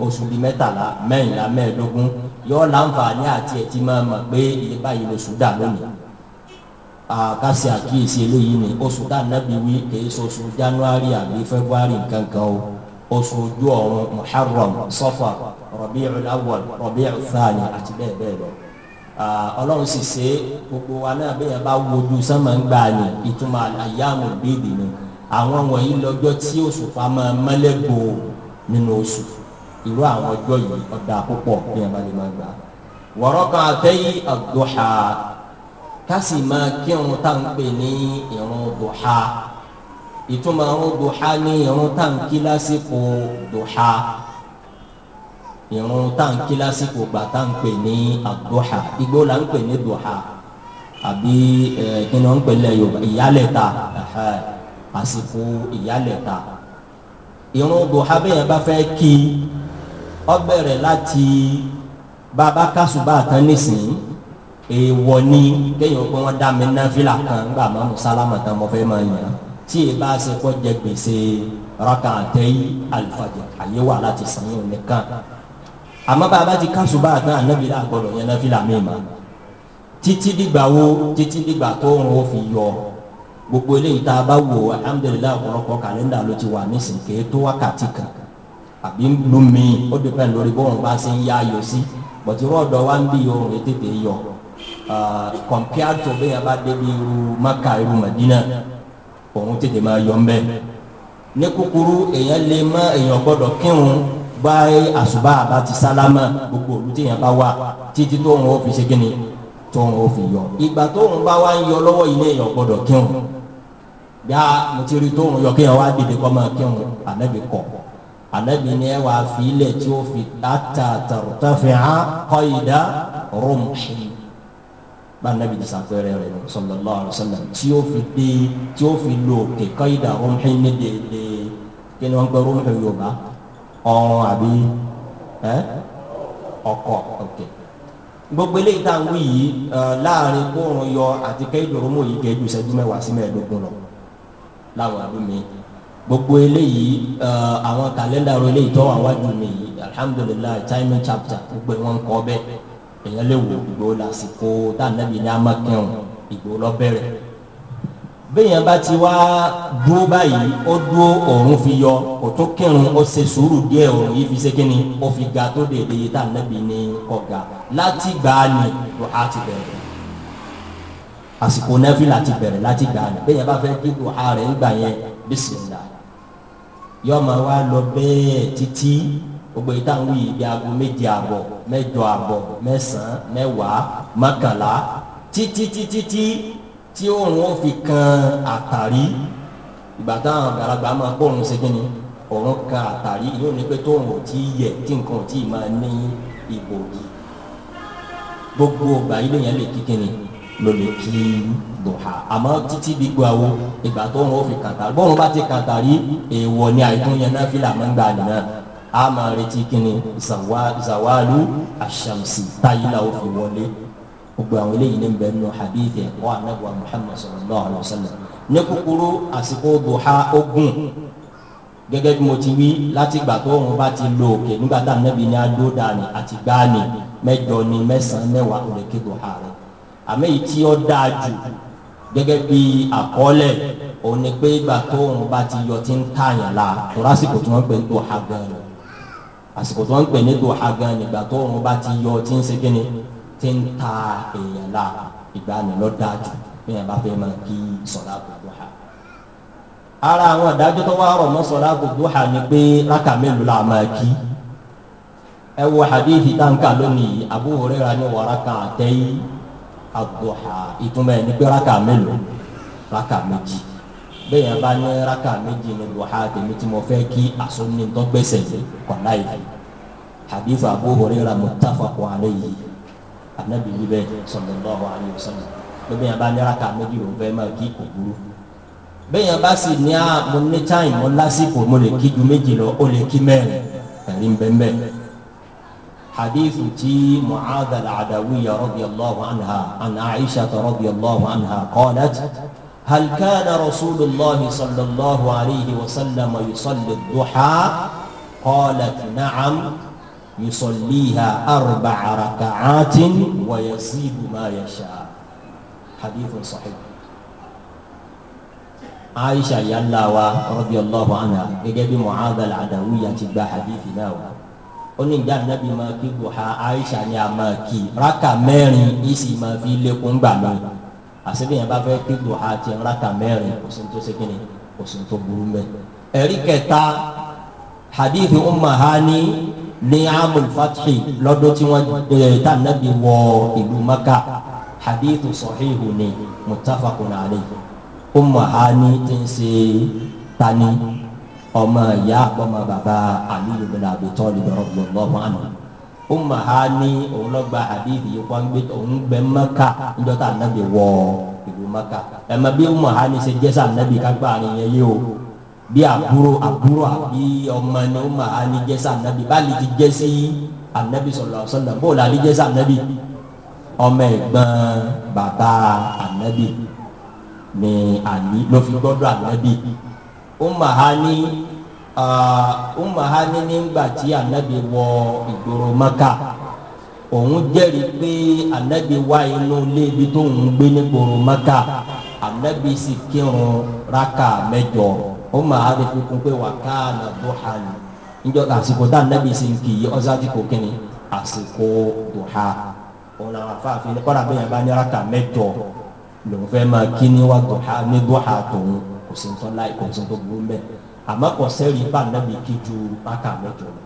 oṣù bíi mẹ́tàlá mẹ́rìnlá mẹ́ẹ̀ẹ́dógún yóò láǹfààní àti ẹ̀ ti máa mọ̀ pé iye báyìí lóṣù dà lónìí àkàsí àkíyèsí eléyìí ni oṣù dà nábì wí kìí ṣe oṣù january àbí february nkankan o oṣù ojú ọ̀run muharram safar rabi'ul awwal rabi'ul thani àti bẹ́ẹ̀ bẹ́ẹ̀ lọ ọlọ́run sì ṣe gbogbo wa náà bẹ́ẹ̀ bá wojú sánmà ń gbà ní ìtumọ̀ àyàmù bíìdì ni àwọn wọ̀nyí lọ́jọ́ tí òṣùpá máa mọ́lẹ́gbò nínú oṣù irú àwọn ọjọ́ yìí ọ̀dà púpọ̀ bí wọn bá lè máa gbà. wọ̀rọ̀ kan àtẹ́yí àdùhà kásì máa kírun tá à ń pè ní ìrun dùhà ìtumọ̀ ìrun dùhà ní ìrun tá à ń kí lásìkò dùhà ìrun táǹkì lásìkò gbà táǹpè ní àdúhà igbó la ń pè ní dùhà àbí kí ni wọ́n ń pè lẹ́ yorùbá ìyálẹ̀ta àsìkò ìyálẹ̀ta ìrun dùhà bẹ́yẹn bá fẹ́ kí ọ bẹ̀rẹ̀ láti bàbá kásùbà tán nísìnyí èèwọ̀ ni kéèyàn pé wọ́n dá mi ná fílà kan nígbà máa sálámà tán mo fẹ́ máa yàn tí ì bá ṣe kọ́ gbèsè rákàtẹ́yì àlùfáàjì àyè wà láti sàn yín nìkan àmọ́ bá a bá ti káṣù bá a tán ànábì là gbọdọ̀ yẹn náà fi là míì mọ́ títí dìgbà wo títí dìgbà tó ń wọ́n fi yọ gbogbo eléyìí tá a bá wò alhamdulilayi ọ̀pọ̀lọpọ̀ kàlẹ́ndà ló ti wà nísìnyí kéé tó wákàtí kan àbí lu ó dìpẹ́ǹd lórí bóun bá ṣe ń yá ayò sí bọ̀tí rọ́ọ̀dọ̀ wa ń bí oòrùn yìí yọ uh, compared to bẹ́ẹ̀ bá débi irú maka irú madina òun tètè máa yọ ń bẹ́ẹ̀ ní kúkúrú èèyàn lè má èèyàn gbọ́dọ̀ kírun báyìí àṣùbà àbá ti sálámà gbogbo òlu téèyàn bá wà títí tóun ó fi ṣe kíni tóun ó fi yọ ìgbà tóun bá wá ń yọ lọ́wọ́ yìí ní èèyàn gbọ́dọ̀ kírun bíá mo ti rí tóun yọ kéèyàn wá dìde kọ́ máa kírun ànábì kọ̀ ànábì ni ẹ wà á fi ilẹ̀ tí ó fi ata tàrútàfẹ́ á kọ́ ìdá rọ́ọ̀mù bá ànábì ti sàpẹ́rẹ́ rẹ̀ sallallahu alaihi wasallam tí ó fi dé tí ó fi lo òkè kọ́ ìdá rọ́ọ̀mù ní dèdè kí ni wọ́n gbọ́ rọ́ọ̀mù yorùbá ọrùn àbí ọkọ ok gbogbo eléyìí tá à ń wí yìí láàrin kóòrùn yọ àti kẹ́hìndòrò mò yìí gẹ́jú ìṣẹ́jú mẹ́wàá sí mẹ́ẹ̀ẹ́dógún lọ láwọn ọdún mi gbogbo eléyìí àwọn kàlẹ́ndà ọ̀rọ̀ eléyìí tó wà mi yìí alihamudulilayi time chapter gbogbo wọn ń kọ́ bẹ́ẹ̀ èèyàn lè wò ìgbò lásìkò tá à ní amákẹ́hùn ìgbò lọ bẹ́ẹ̀yàn bá ti wá dúró báyìí ó dúró òun fi yọ kò tó kírun ó ṣe sùúrù díẹ̀ òun yìí fi ṣe kí ni ó fi ga tó dèdè yìí tá nẹ́bi ní ọ̀gá láti gbà á ní a ti bẹ̀rẹ̀ àsìkò nẹ́fì láti bẹ̀rẹ̀ láti gbà á ní bẹ́ẹ̀yàn bá fẹ́ kí dùn ààrẹ ń gbà yẹn bísíńdà yọmọ wa lọ bẹ́ẹ̀ títí gbogbo yìí táwọn yìí bí aago méje àbọ̀ mẹ́jọ àbọ̀ mẹ́sàn-án mẹ́wàá mọ́kànlá títí títí tí òòrùn ó fi kan àtàrí ìgbà táwọn àgbàlagbà máa bọ́ọ̀rùn ṣe ni òòrùn kan àtàrí yóò ní pé tóòrùn ò tí ì yẹ tí nǹkan ò tí ì máa ní ìbòjì gbogbo ọgbà yìí lèèyàn lè kí ni ló lè kí dùhà àmọ́ títí bí gbàwó ìgbà tóòrùn ó fi kàtà bọ́ọ̀rùn bá ti kàtà rí èèwọ̀ ni àìtún yẹn náà fi làmọ́ gbà nìyẹn a máa retí kí ni zawalu aṣàmùsì táyìlá ó fi wọlé gbogbo àwọn eléyìí ní bẹ́ẹ̀ nù hadithi ẹ̀kọ́ anagba muhammad sallallahu alayhi wa sallam ní kúkúrú àsìkò duha ogun gẹ́gẹ́ bí mo ti wí láti gbà tó òun bá ti lo òkè nígbà tá ànábì ní adó dàní àti gbáàní mẹ́jọ ni mẹ́sàn-án mẹ́wàá òun lè ké duha rẹ̀ àmì èyí tí ó dáa jù gẹ́gẹ́ bí àkọọ́lẹ̀ òun ni pé ìgbà tó òun bá ti yọ ti ń tààyàn la tòrọ àsìkò tí wọ́n pè duha gan ni àsìkò tí wọ́n pè ní duha gan ni ìgbà tó òun bá ti yọ ti ń segin ni tí ń ta èèyàn la ìgbàanì lọ dájú bí yẹn bá fẹ́ máa kí sọ̀lá gbogbo ha. ara àwọn ìdájọ́ tó wá rọ̀ mọ́ sọ̀lá gbogbo ha ni pé rákà mélòó la máa kí. ẹ wo hadithi táǹkà lónìí Abu Hurairah ní wàràkà àtẹ́yí àgbọ̀hà ìtumọ̀ ẹ̀ ní pé rákà mélòó rákà méjì bẹ́ẹ̀ yẹn bá ní rákà méjì ní duha tèmi tí mo fẹ́ kí àsọ̀nìtọ́ gbèsè kọ̀ láì hadith Abu Hurairah muttafaqun alayhi anabi yìí bẹ sallallahu alaihi wasallam lóbi yẹn bá ní raka méjì ló fẹ́ máa kí kò burú bẹ́ẹ̀ yẹn bá sì ní a mo ní táyì mo lásìkò mo lè kí ju méjì lọ ó lè kí mẹ́rin ẹ̀rí bẹ́ẹ̀ حديث تي معاذ العدوية رضي الله عنها عن عائشة رضي الله عنها قالت هل كان رسول الله صلى الله عليه وسلم يصلي الضحى قالت نعم يصليها أربع ركعات ويزيد ما يشاء حديث صحيح عائشة يلا رضي الله عنها جاب معاذ العدوية تبع حديثنا oni ìjà nàbí máa kí duha aisha ni a máa kí raka mẹ́rin isi máa fi lékun gbà mí àsìbìyàn bá fẹ́ kí duha ti raka mẹ́rin kò sí tó segin ni kò sí tó burú mẹ́. ẹ̀rí kẹta umma hani ní amul fathi lọ́dún tí wọ́n gbé tá nàbí wọ ìlú maka hadithu sahihu ni muttafaqun alayhi umma hani ti ń ṣe tani ọmọ ìyá ọmọ bàbá aliyu bin abi talib radiyallahu anhu umma hani òun lọ gba hadithu yìí wọn gbé òun gbé maka níjọ tá nàbí wọ ìlú maka ẹ ma bí umma hani ṣe jẹ́ sá nàbí ká gbà àrùn yẹn o bí àbúrò àbúrò àbí ọmọ ni ó máa ní jẹ́sà ànábì báàlì ti jẹ́ sí ànábì sallallahu alaihi wasallam bó la ní jẹ́sà ànábì ọmọ ẹ̀gbọ́n bàbá ànábì ni àní ló fi gbọ́dọ̀ ànábì ó máa ní umahani nígbà tí anabi wọ ìgboro maka òun jẹ́rìí pé anabi wá inú ilé ibi tó ń gbé nígboro maka anabi sì kírun raka mẹ́jọ ó máa rí tuntun pé wà ká nà duha ni níjọ àsìkò tá nàbì sí kì í ọ̀sájú kò kíni àsìkò duha òun làwọn afáàfin kọ́ra bẹ́ẹ̀ bá ní raka mẹ́jọ lòun fẹ́ máa kí ni wà duha ní duha tòun kò sí tó láì kò sí tó burú mẹ́ àmọ́ kò sẹ́rí bá nàbì kí ju raka mẹ́jọ lọ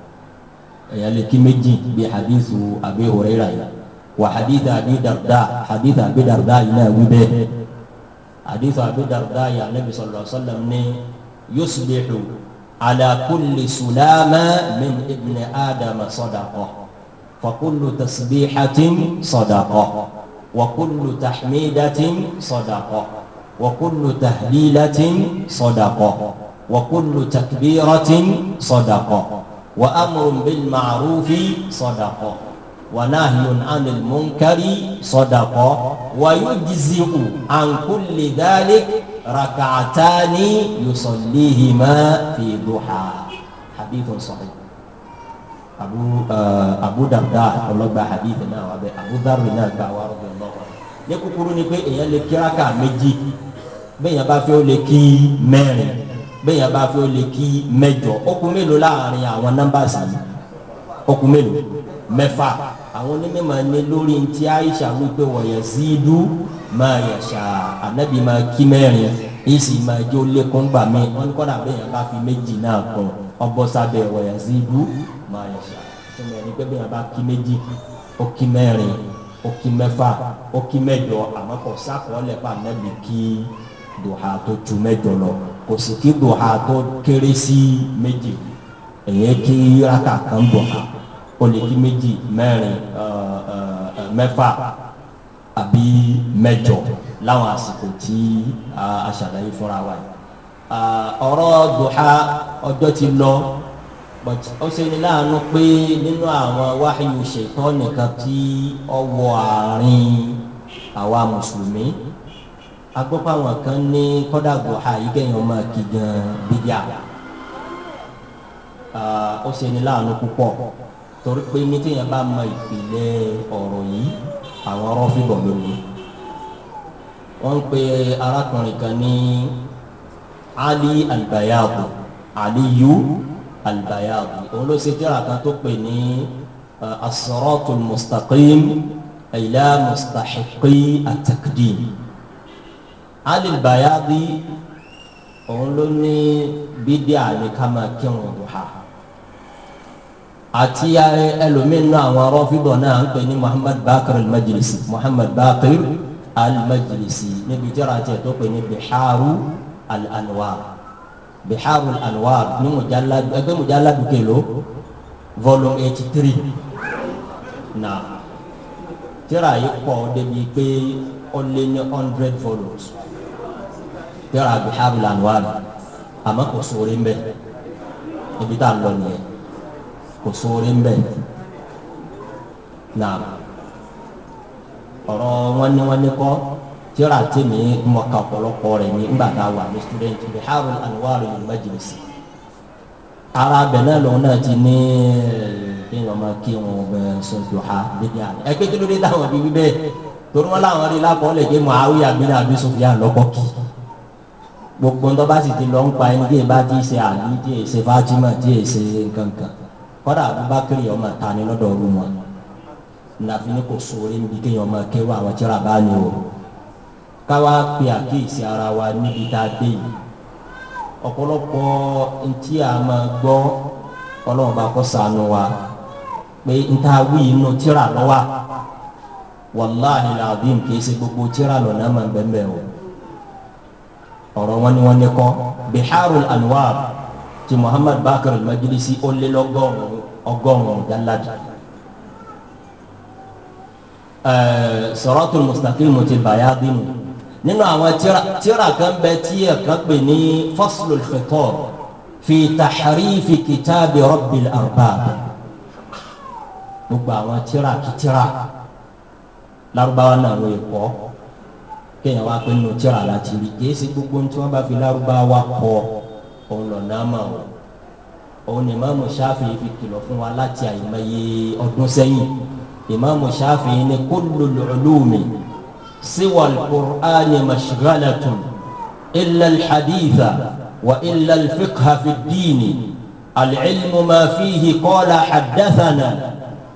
ẹ̀yà lè kí méjì bí hadithu Abi Huraira yìí wà hadith Abi Darda hadith Abi Darda yìí náà wí bẹ́ẹ̀ hadith sallallahu alaihi wasallam يصبح على كل سلامة من ابن آدم صدقة فكل تسبيحة صدقة وكل تحميدة صدقة وكل تهليلة صدقة وكل تكبيرة صدقة وأمر بالمعروف صدقة ونهي عن المنكر صدقة ويجزئ عن كل ذلك rak'atani yusallihima fi duha hadithun sahih abu uh, abu darda ọlọgba hadith náà wà bẹ abu darda náà gba wa rọbì ọlọgba ní kúkúrú ni pé èèyàn lè kí raka méjì bẹ́ẹ̀yàn bá fẹ́ ó lè kí mẹ́rin bẹ́ẹ̀yàn bá fẹ́ ó lè kí mẹ́jọ ó kù mélòó láàrin àwọn nọ́mbà sí i ó àwọn onímọ̀ ní lórí ti aisha wípé wọ̀nyẹ̀ sí idú máa yẹ̀ṣà ànábì máa kí mẹ́rin èsì máa jẹ́ olékun gbà mí wọ́n ní kọ́dà bẹ́ẹ̀ yẹn bá fi méjì náà kàn ọbọ̀ sábẹ̀ wọ̀nyẹ̀ sí idú máa yẹ̀ṣà tó mẹ́rin ní pé bẹ́ẹ̀ yẹn bá kí méjì ó kí mẹ́rin ó kí mẹ́fà ó kí mẹ́jọ àmọ́ kò sákọọ́lẹ̀ pa ànábì kí dùhà tó ju mẹ́jọ lọ kò sì kí dùhà tó kéré sí méjì èyí kí rákà kan dùhà ó lè kí méjì mẹ́rin mẹ́fà àbí mẹ́jọ láwọn àsìkò tí a ṣàlàyé fúnra wa yìí ọ̀rọ̀ duha ọjọ́ ti lọ but ó ṣe ní láàánú pé nínú àwọn wáhíù ṣètọ́ nìkan tí ọ wọ àárín àwa mùsùlùmí agbọ́pọ̀ àwọn kan ní kọ́dà duha yìí kẹ́yìn ọmọ kìgan bíjà ó ṣe ní láàánú púpọ̀ torí pé ní téèyàn bá mọ ìpìlẹ̀ ọ̀rọ̀ yìí àwọn ọ̀rọ̀ fíbọ̀ lónìí wọ́n ń pe arákùnrin kan ní ali albayabu aliyu albayabu òun ló ṣe tíra kan tó pè ní asọ́rọ́tù mustaqim ilá mustahiqi atakdim ali albayabu òun ló ní bídíà ní ká kírun duha àti e, ẹlòmíín náà àwọn arọ́fíbọ̀ náà ń pè ní muhammad bakr al-majlisi muhammad bakr al-majlisi níbi jẹ́ra tiẹ̀ tó pè ní biharu al-anwar biharu al-anwar ní mujalladu ẹgbẹ́ mujalladu kelo volume eighty three na jẹ́ra yìí pọ̀ débi pé ó lé ní hundred volumes jẹ́ra biharu al-anwar àmọ́ kò sóore ń bẹ̀ ibi tá a lọ nìyẹn kò sóore na bẹ̀ náà ọ̀rọ̀ wọn ní wọn ní kọ́ tíra tèmi mọ̀ká ọ̀pọ̀lọpọ̀ rẹ̀ ní ńgbà tá a wà ní student biharul anwar al-majlis ara bẹ̀rẹ̀ lòun náà ti ní ẹ̀ẹ́dẹ́gbẹ̀rún ọmọ kí wọn bẹ̀ sọ̀tò ha níbi àná ẹgbẹ́ kí ló dé táwọn bíbí bẹ́ẹ̀ torí làwọn rí lákọọ́lẹ̀ pé muhawiya bin abi sufyan lọ́kọ́ kí gbogbo ńdọ́ bá sì ti lọ́ ń pa ẹni tí bá ti ṣe àlù tí ṣe fatima tí ṣe nǹkan kọ́dà abubakar yọ̀ọ́ máa ta ni lọ́dọ̀ ọ̀rù wọn nàfi ni kò sóore níbi kéèyàn máa kéwà àwọn tíra bá ní o káwa pe àkíyèsí ara wa níbi tá a dé yìí ọ̀pọ̀lọpọ̀ ntí a máa gbọ́ ọlọ́run bá kọ́ sànù wa pé nta wí inú tíra lọ́wọ́ wàláhi làbíyìn kì gbogbo tíra lọ́nà máa bẹ́ẹ̀ bẹ́ẹ̀ o ọ̀rọ̀ wọn ni wọ́n ní kọ́ biharul anwar ti muhammad bakar al-majlisi ó lé lọ́gọ́rùn-ún ọgọ́rùn-ún dalaji. sọ̀rọ̀tún mustaqim ti bayadi mu nínú àwọn tíra kan bẹ tí ẹ̀ka pè ní faslul khitab fi tahrifi kitabi rabbil arbab gbogbo àwọn tíra kìtíra lárúbáwá náà ló kọ́ kéèyàn wá pé nínú tíra láti rí gbogbo tí wọ́n fi lárúbáwá kọ́ òun lọ́nà àmà o òun ni ìmáàmù ṣáfì fi kìlọ̀ fún wa láti àyèmáyé ọdún sẹ́yìn ìmáàmù ṣáfì ní kullu al-ulumi siwa al-Qur'ani mashghalatun illa al-haditha wa illa al-fiqha fi ad-dini al-ilmu ma fihi qala haddathana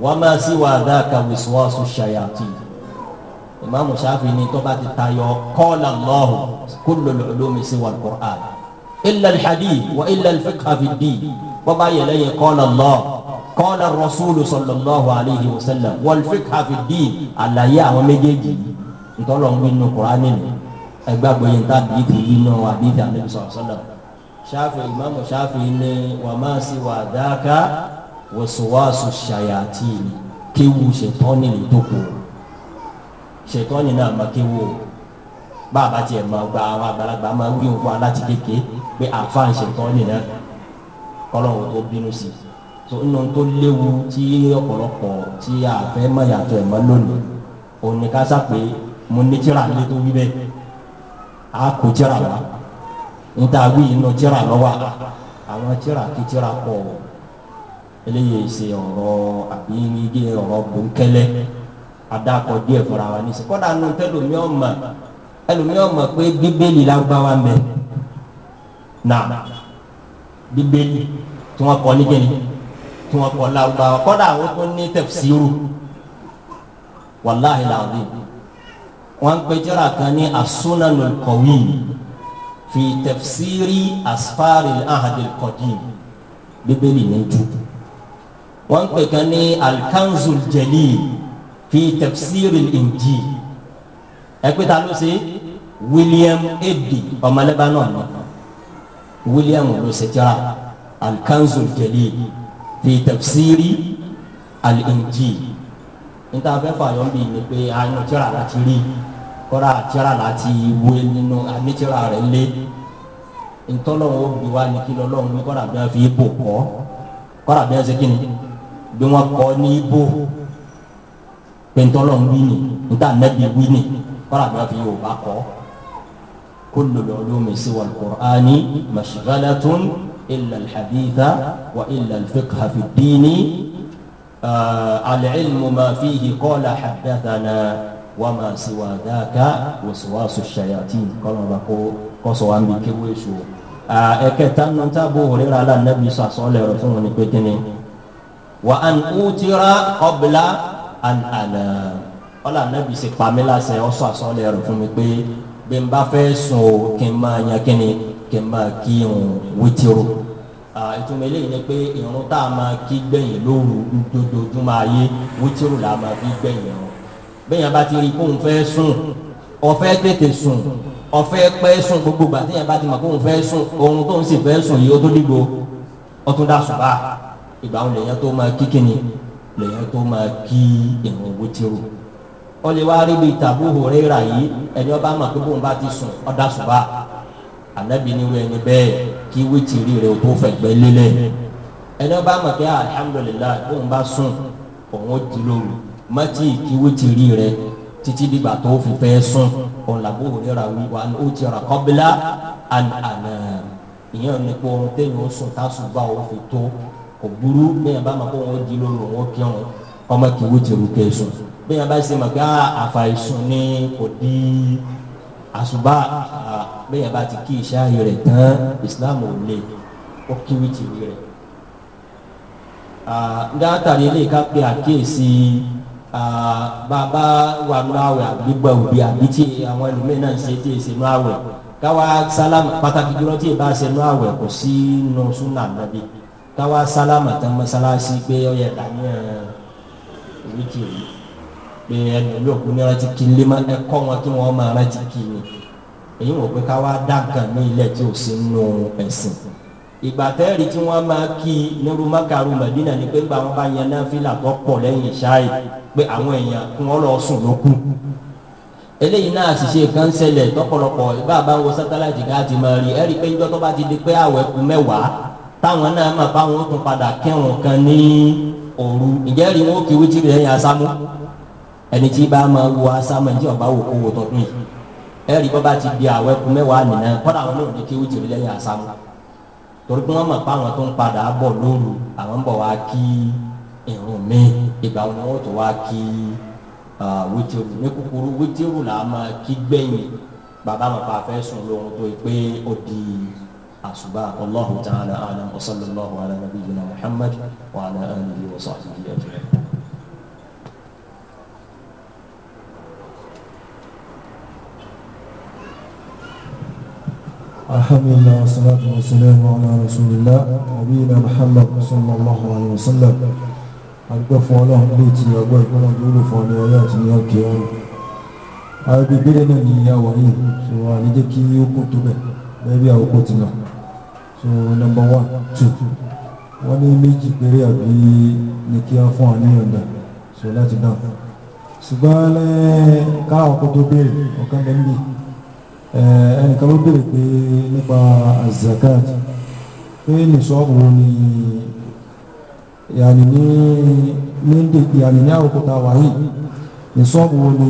wa ma siwa dhaka wiswasu shayatin ìmáàmù ṣáfì ní tó bá ti tayọ qala Allahu kullu al-ulumi siwa al illa al-hadith wa illa al-fiqh fi ad-din bọ́bá yẹlẹ yẹ qala Allah qala ar-rasul sallallahu alayhi wa sallam wal-fiqh fi ad-din àlàyé àwọn méjèèjì ntọ́lọ̀ ń wínú kuraani ni ẹgbàgbọ́ yẹn tá bíi ti wínú wa bíi ti àlẹ́ bisọ̀ sọ́lọ̀ ṣáfì ìmáàmù ṣáfì ní wà máa sì wà dáká wòsùwàsù ṣàyàtì kéwu ṣètọ́ni lè tó kù ṣètọ́ni náà má kéwu o bàbá tiẹ̀ máa gba àwọn àgbàlagbà máa ń gbé òkú aláti kéke pé àfáà ń ṣe tán nìyẹn kọ́lọ́hún tó bínú sí i tó nínú tó léwu tí ọ̀pọ̀lọpọ̀ tí a fẹ́ mọ̀ yàtọ̀ ẹ̀ mọ́ lónìí òun ni ká sá pé mo ní tíra lé tó wí bẹ́ẹ̀ a kò tíra wá níta wí inú tíra lọ́wọ́ àwọn tíra kí tíra pọ̀ eléyìí ṣe ọ̀rọ̀ àbí ọ̀rọ̀ bòńkẹ́lẹ́ adakọ̀ díẹ̀ fúnra wa ní sẹ́kọ́dà nù tẹ́lómi ọ̀mọ̀ ẹlòmíràn mọ̀ pé bíbélì lárúbáwá ń bẹ nà bíbélì tí wọ́n kọ́ nígbẹ̀ni tí wọ́n kọ́ lárúbáwá kọ́dà àwọn tó ní tẹ̀síìrù wàláhì làwọn wọn ń pe jẹ́ra kan ní asúnanul kọ̀wé fi tẹ̀síìrì asfáàrì ahadil kọ̀dìm bíbélì ní tu wọn ń kan ní alkanzul jẹlí fi tẹ̀síìrì ìnjì ẹ pé ta ló ṣe é william edi ọmọ lebanon william olùsèjìrà alkanzul jalil fi tafsiri al-injil níta fẹ́ fààyọ́ bí ni pé àyàn tíra láti rí kọ́ra tíra láti wé nínú àmì tíra rẹ̀ lé ntọ́lọ́wọ́ bí wá ní kí lọ́lọ́run ní kọ́ra bí wọ́n fi ibò kọ́ kọ́ra bí wọ́n ṣe kí ni bí wọ́n kọ́ ní ibò pé ntọ́lọ́run wí ni níta nẹ́bi wí ni kọ́ra bí wọ́n fi Yorùbá kọ́ kullu al-ulumi siwa al-Qur'ani mashghalatun illa al-haditha wa illa al-fiqha fi ad-dini uh, al-ilmu ma fihi qala haddathana wa ma siwa dhaka waswasu ash-shayatin kọ́lọ́ bá kó kọ́sọ̀ wa ń bi kéwé so uh, ẹ̀kẹta nínú tábù òrìrà alánàbí sàsọ́lẹ̀ rẹ̀ fún wọn ní pé kíni wa an utira qabla an ana ọlọ anabi ṣe pamela ṣe ọsọ asọlẹ rẹ fún mi pé bí n bá fẹ́ sùn o kí n máa yan kíni kí n máa kí n wítírù ìtumọ̀ eléyìí ni pé ìrun tá a máa kí gbẹ̀yìn lóru dojoojúmọ́ ayé wítírù là máa fi gbẹ̀yìn ìrun bẹ́yìn bá ti rí kóun fẹ́ sùn ọ̀fẹ́ tètè sùn ọ̀fẹ́ pẹ́ sùn gbogbo gbà téèyàn bá ti mọ̀ kóun fẹ́ sùn ohun tóun sì fẹ́ sùn yìí ó tó dìgbò ó tún dà sùn bá ìgbà wọn lèyàn tó máa kí kíni lèyàn tó máa kí ìrun wítírù ó lè wá rí bíi tàbú hòrera yìí ẹni ọba mà pé bóun bá ti sùn ọ̀dà ṣùgbà ànábì ni wọ́n ẹni bẹ́ẹ̀ kí wítìrì rẹ̀ ó tó fẹ̀gbẹ́ lélẹ̀ ẹni ọba mà pé alihamudulilayi bóun bá sùn òun ó ti lóru mọ́tì kí wítìrì rẹ̀ títí dìgbà tó fi fẹ́ sùn òun làbó hòrera wí wà ní ó ti rà kọ́bílá àná ìyẹn ní pé ohun téèyàn ó sùn tásùbà ó fi tó kò burú bẹ́ẹ̀ bá mà pé òun di lóru òun ó ọmọ kí wítìrì kẹ́ sùn bẹ́ẹ̀ yẹn bá ṣe mọ̀ pé ah, àfàìsùn ni kò di àṣùbà ah, bẹ́ẹ̀ yẹn bá ti kí ìṣe ayò rẹ̀ tán Islam ò lè ó kí wíìtì rẹ̀. dátàrí ah, eléyìí ká pe àkíyèsí bàbá wa nù àwẹ̀ àgbégbà òbí àbí tí àwọn ẹlòmíràn náà ń ṣe tí èsì nù àwẹ̀ káwa sálámù pàtàkì jùlọ tí ìbá ṣe nù àwẹ̀ kò sí nù súnà nàbí káwa sálámù àtàwọn mọ́sálásí pé ọ̀yẹ̀dá ní ẹ̀ wíìtì yìí pé ẹlòmíì òkú ní rántí kí lé má ẹkọ wọn kí wọn máa rántí kí ni èyí wò pé ká wá dá nǹkan ní ilẹ̀ tí ò sí nù ẹ̀sìn ìgbà tẹ́rì tí wọ́n máa kí nírú mákàrú mẹ̀dínà ni pé gba wọn bá yẹn náà fílà tó pọ̀ lẹ́yìn ṣáì pé àwọn èèyàn kí wọ́n lọ sùn ló kù eléyìí náà àṣìṣe kan ṣẹlẹ̀ tọ̀pọ̀lọpọ̀ bàbá wo sátáláìtì ká ti máa rí ẹ̀rí pé níjọ́ tó bá ti di pé àwẹ̀ kù mẹ́wàá táwọn náà máa bá wọn tún padà kírun kan ní òru ìjẹ́rìí wọn ó kí wítìrì lẹ́yìn asámú ẹni tí bá máa wo asámọ ẹni tí ọba wò kó wo tọdún yìí ẹrí bọ́ ti di àwọ̀ ẹkú mẹ́wàá nìyẹn kọ́dà àwọn náà ní kí ó jèrè lẹ́yìn asámọ torí pé wọ́n mọ̀ pé àwọn tó ń padà bọ̀ lóru àwọn ń bọ̀ wá kí irun mi ìgbà wọn wọ́n tó wá kí wítírù ní kúkúrú wítírù là á máa kí gbẹ̀yìn bàbá mọ̀ fẹ́ sùn lóhun tó pé ó di àṣùbà Allahu ta'ala a'lam wa sallallahu ala nabiyyina Muhammad wa ala alihi wa sahbihi ajma'in. الحمد لله والصلاة والسلام على رسول الله نبينا محمد صلى الله عليه وسلم àdúgbò fún ọlọ́run lè ti ọgbọ́ ìpínlẹ̀ ìdúró fún ọdún ọyá àti ní ọkẹ ọrùn àgbègbè ìbílẹ̀ náà ni ìyá wà yìí so àníjẹ́ kí ó kó tó bẹ̀ bẹ́ẹ̀ bí àwòkọ́ ti lọ so number one two wọ́n ní méjì péré àbí ní kí á fún àníyàn dà so láti dáhùn ṣùgbọ́n káàkó tó béèrè ọ̀kan bẹ́ẹ̀ Eh, ẹnìkan ló béèrè pé nípa azakat pé nìṣọ́ọ̀bù wo ni yàní ní ní yàní ní àwòkọ́ ta wà yìí nìṣọ́ọ̀bù wo ni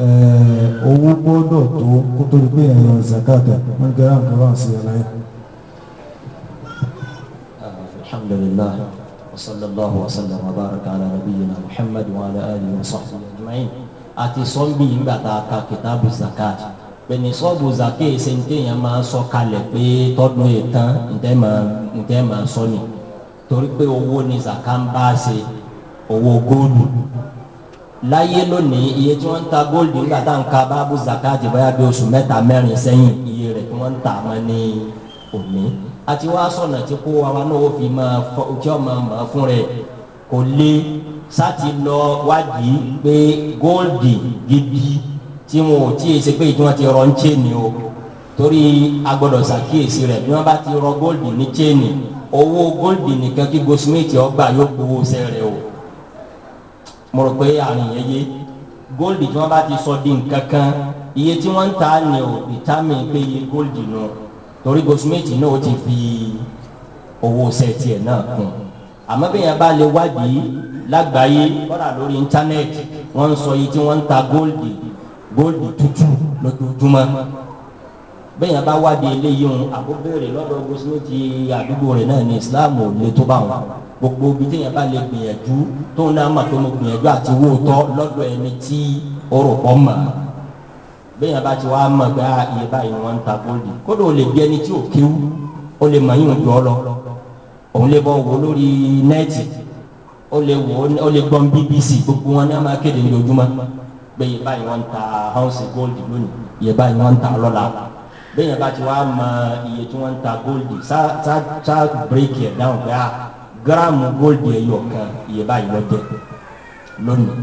eh, owó gbọ́dọ̀ tó kó tó di pé ẹ̀yàn azakat wọ́n gẹ́rẹ́ nǹkan bá ń ṣe àlàyé. alhamdulillah wa sallallahu wa sallam wa baraka ala muhammad wa ala alihi wa sahbihi ajma'in àti sọ́ńbì yìí ń gbà ka kitabu zakat. pé ní sọ́ọ̀bù zaka èsè ní máa sọ kalẹ̀ pé tọ́dún yìí tán ǹtẹ́ máa ǹtẹ́ sọ ni torí pé owó ni zaka ń bá a ṣe owó góòlù láyé lónìí iye tí wọ́n ń ta góòlù nígbà tá à ka báàbù àti bóyá bí oṣù mẹ́ta mẹ́rin sẹ́yìn iye rẹ̀ tí wọ́n ń tà mọ́ ní òní àti wá sọ̀nà tí kó wa náà ó kò lé sátì lọ wádìí pé góòlù gidi. tí wọn ò tí ì ṣe pé ìdúnwọ̀n ti rọ ń chéènì o torí agbọ́dọ̀ ṣàkíyèsí rẹ̀ bí wọ́n bá ti rọ góòlì ní chéènì owó góòlì nìkan kí goldsmith ọgbà yóò gbowó sẹ́rẹ̀ o mo rò pé àrùn yẹn yé góòlì tí wọ́n bá ti sọ di nǹkan kan iye tí wọ́n ń ta ni ò ìtàmì pé iye góòlì nù torí goldsmith náà ó ti fi owó sẹ́ẹ̀tì ẹ̀ náà kún àmọ́ bí yẹn bá lè wádìí lágbàáyé kọ́dà lórí íńtánẹ́ẹ̀tì wọ́n ń sọ iye tí wọ́n ń ta góòlì góòlù tútù lójoojúmọ́ bẹ́ẹ̀ yẹn bá wádìí eléyìí òun àkóbèrè lọ́dọ̀ gbósìmí ti àdúgbò rẹ̀ náà ní Islam ò lè tó bá wọn gbogbo ibi tí yẹn bá lè gbìyànjú tó ń náà mà tó mo gbìyànjú àti wóòtọ́ lọ́dọ̀ ẹni tí ọrọ̀ pọ̀ mọ̀ bẹ́ẹ̀ yẹn bá ti wá mọ̀ gba ah, iye báyìí wọ́n ń ta góòlù kódà ò lè bí ẹni tí ò kéwú ó lè mọ̀ yín jọ lọ òun lè bọ̀ wò lórí nẹ́ẹ̀tì ó lè gbọ́n BBC gbogbo wọn ní pé yẹ báyìí wọ́n ta house gold lónìí yẹ báyìí wọ́n ta lọ́la bẹ́ẹ̀ bá ti wá ma, iye tí wọ́n ta gold ṣá ṣá ṣá break ẹ̀ down pé a ah, gíráàmù gold ẹyọ kan iye báyìí lọ́jẹ́ lónìí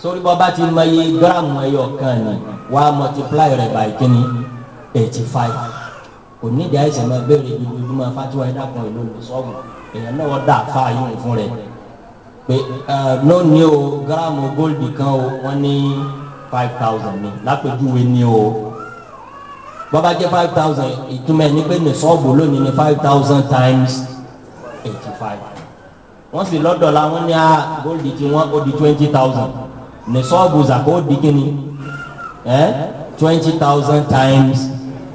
sórí bọ́ bá ti mọ iye gíráàmù ẹyọ kan ni wá multiply rẹ̀ by kíní eighty five kò nídìí àìsàn máa béèrè ibi ojúmọ́ fatiwa ẹ̀dá kan ìlú ìlú sọ́ọ̀mù èèyàn náà wọ́n dà fáyọ̀ fún rẹ̀ pé lónìí o gíráàmù góòlù kan o wọ́n ní five thousand ní lápèjúwe ní o bọ́bá jẹ́ five thousand ìtumọ̀ ẹni pé ní sọ́ọ̀bù lónìí ní five thousand times eighty five wọ́n sì lọ́dọ̀ la wọ́n ní a ah, góòlù tí wọ́n ó di twenty thousand ní sọ́ọ̀bù zàkó ó di kíni ẹ́ twenty thousand times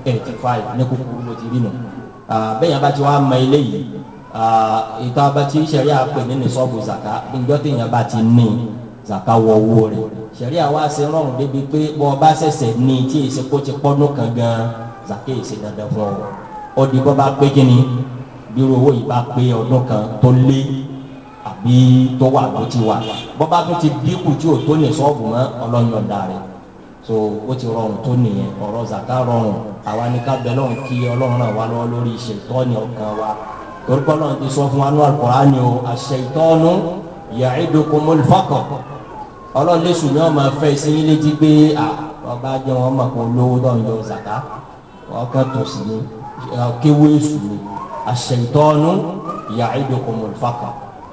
eighty five ní kúkúrú mo ti rí nù ah, bẹ́ẹ̀ yẹn bá ti wá mọ eléyìí ìtọ́ abatí sẹ̀ríà pè ní nìsọ́bù zaka ìjọ téèyàn bá ti ní zaka wọ owó rẹ̀ sẹ̀ríà wá sí rọrùn débi pé bọ́ ọ bá ṣẹ̀ṣẹ̀ ní tí èsì kó ti pọ́nú kan gan zaka èsì dandan fún ọ ọ di bọ́ bá pé kí ni bí owó yìí bá pé ọdún kan tó lé àbí tó wà tó ti wà bọ́ bá tó ti dínkù tí ò tó nìsọ́bù mọ́ ọlọ́yọ̀ọ̀dà rẹ̀ so ó ti rọrùn tó nìyẹn ọ̀rọ̀ zaka rọrùn àwa ni ká bẹ lọ́run kí ọlọ́run ràn wá lọ́wọ́ lórí ìṣètọ́ ọkàn wa torúkọ náà ti sọ fún wa ní alukur'ani o aṣèitọ́nu ya'idukumul faqr ọlọ́ọ̀lẹ́ sùn ní ọmọ afẹ́ ìsinyìí létí pé a ọba jẹ́ wọn mọ̀ kó lówó náà yọ zàká ọkàn tó sì ní kéwé sùn ní aṣèitọ́nu ya'idukumul faqr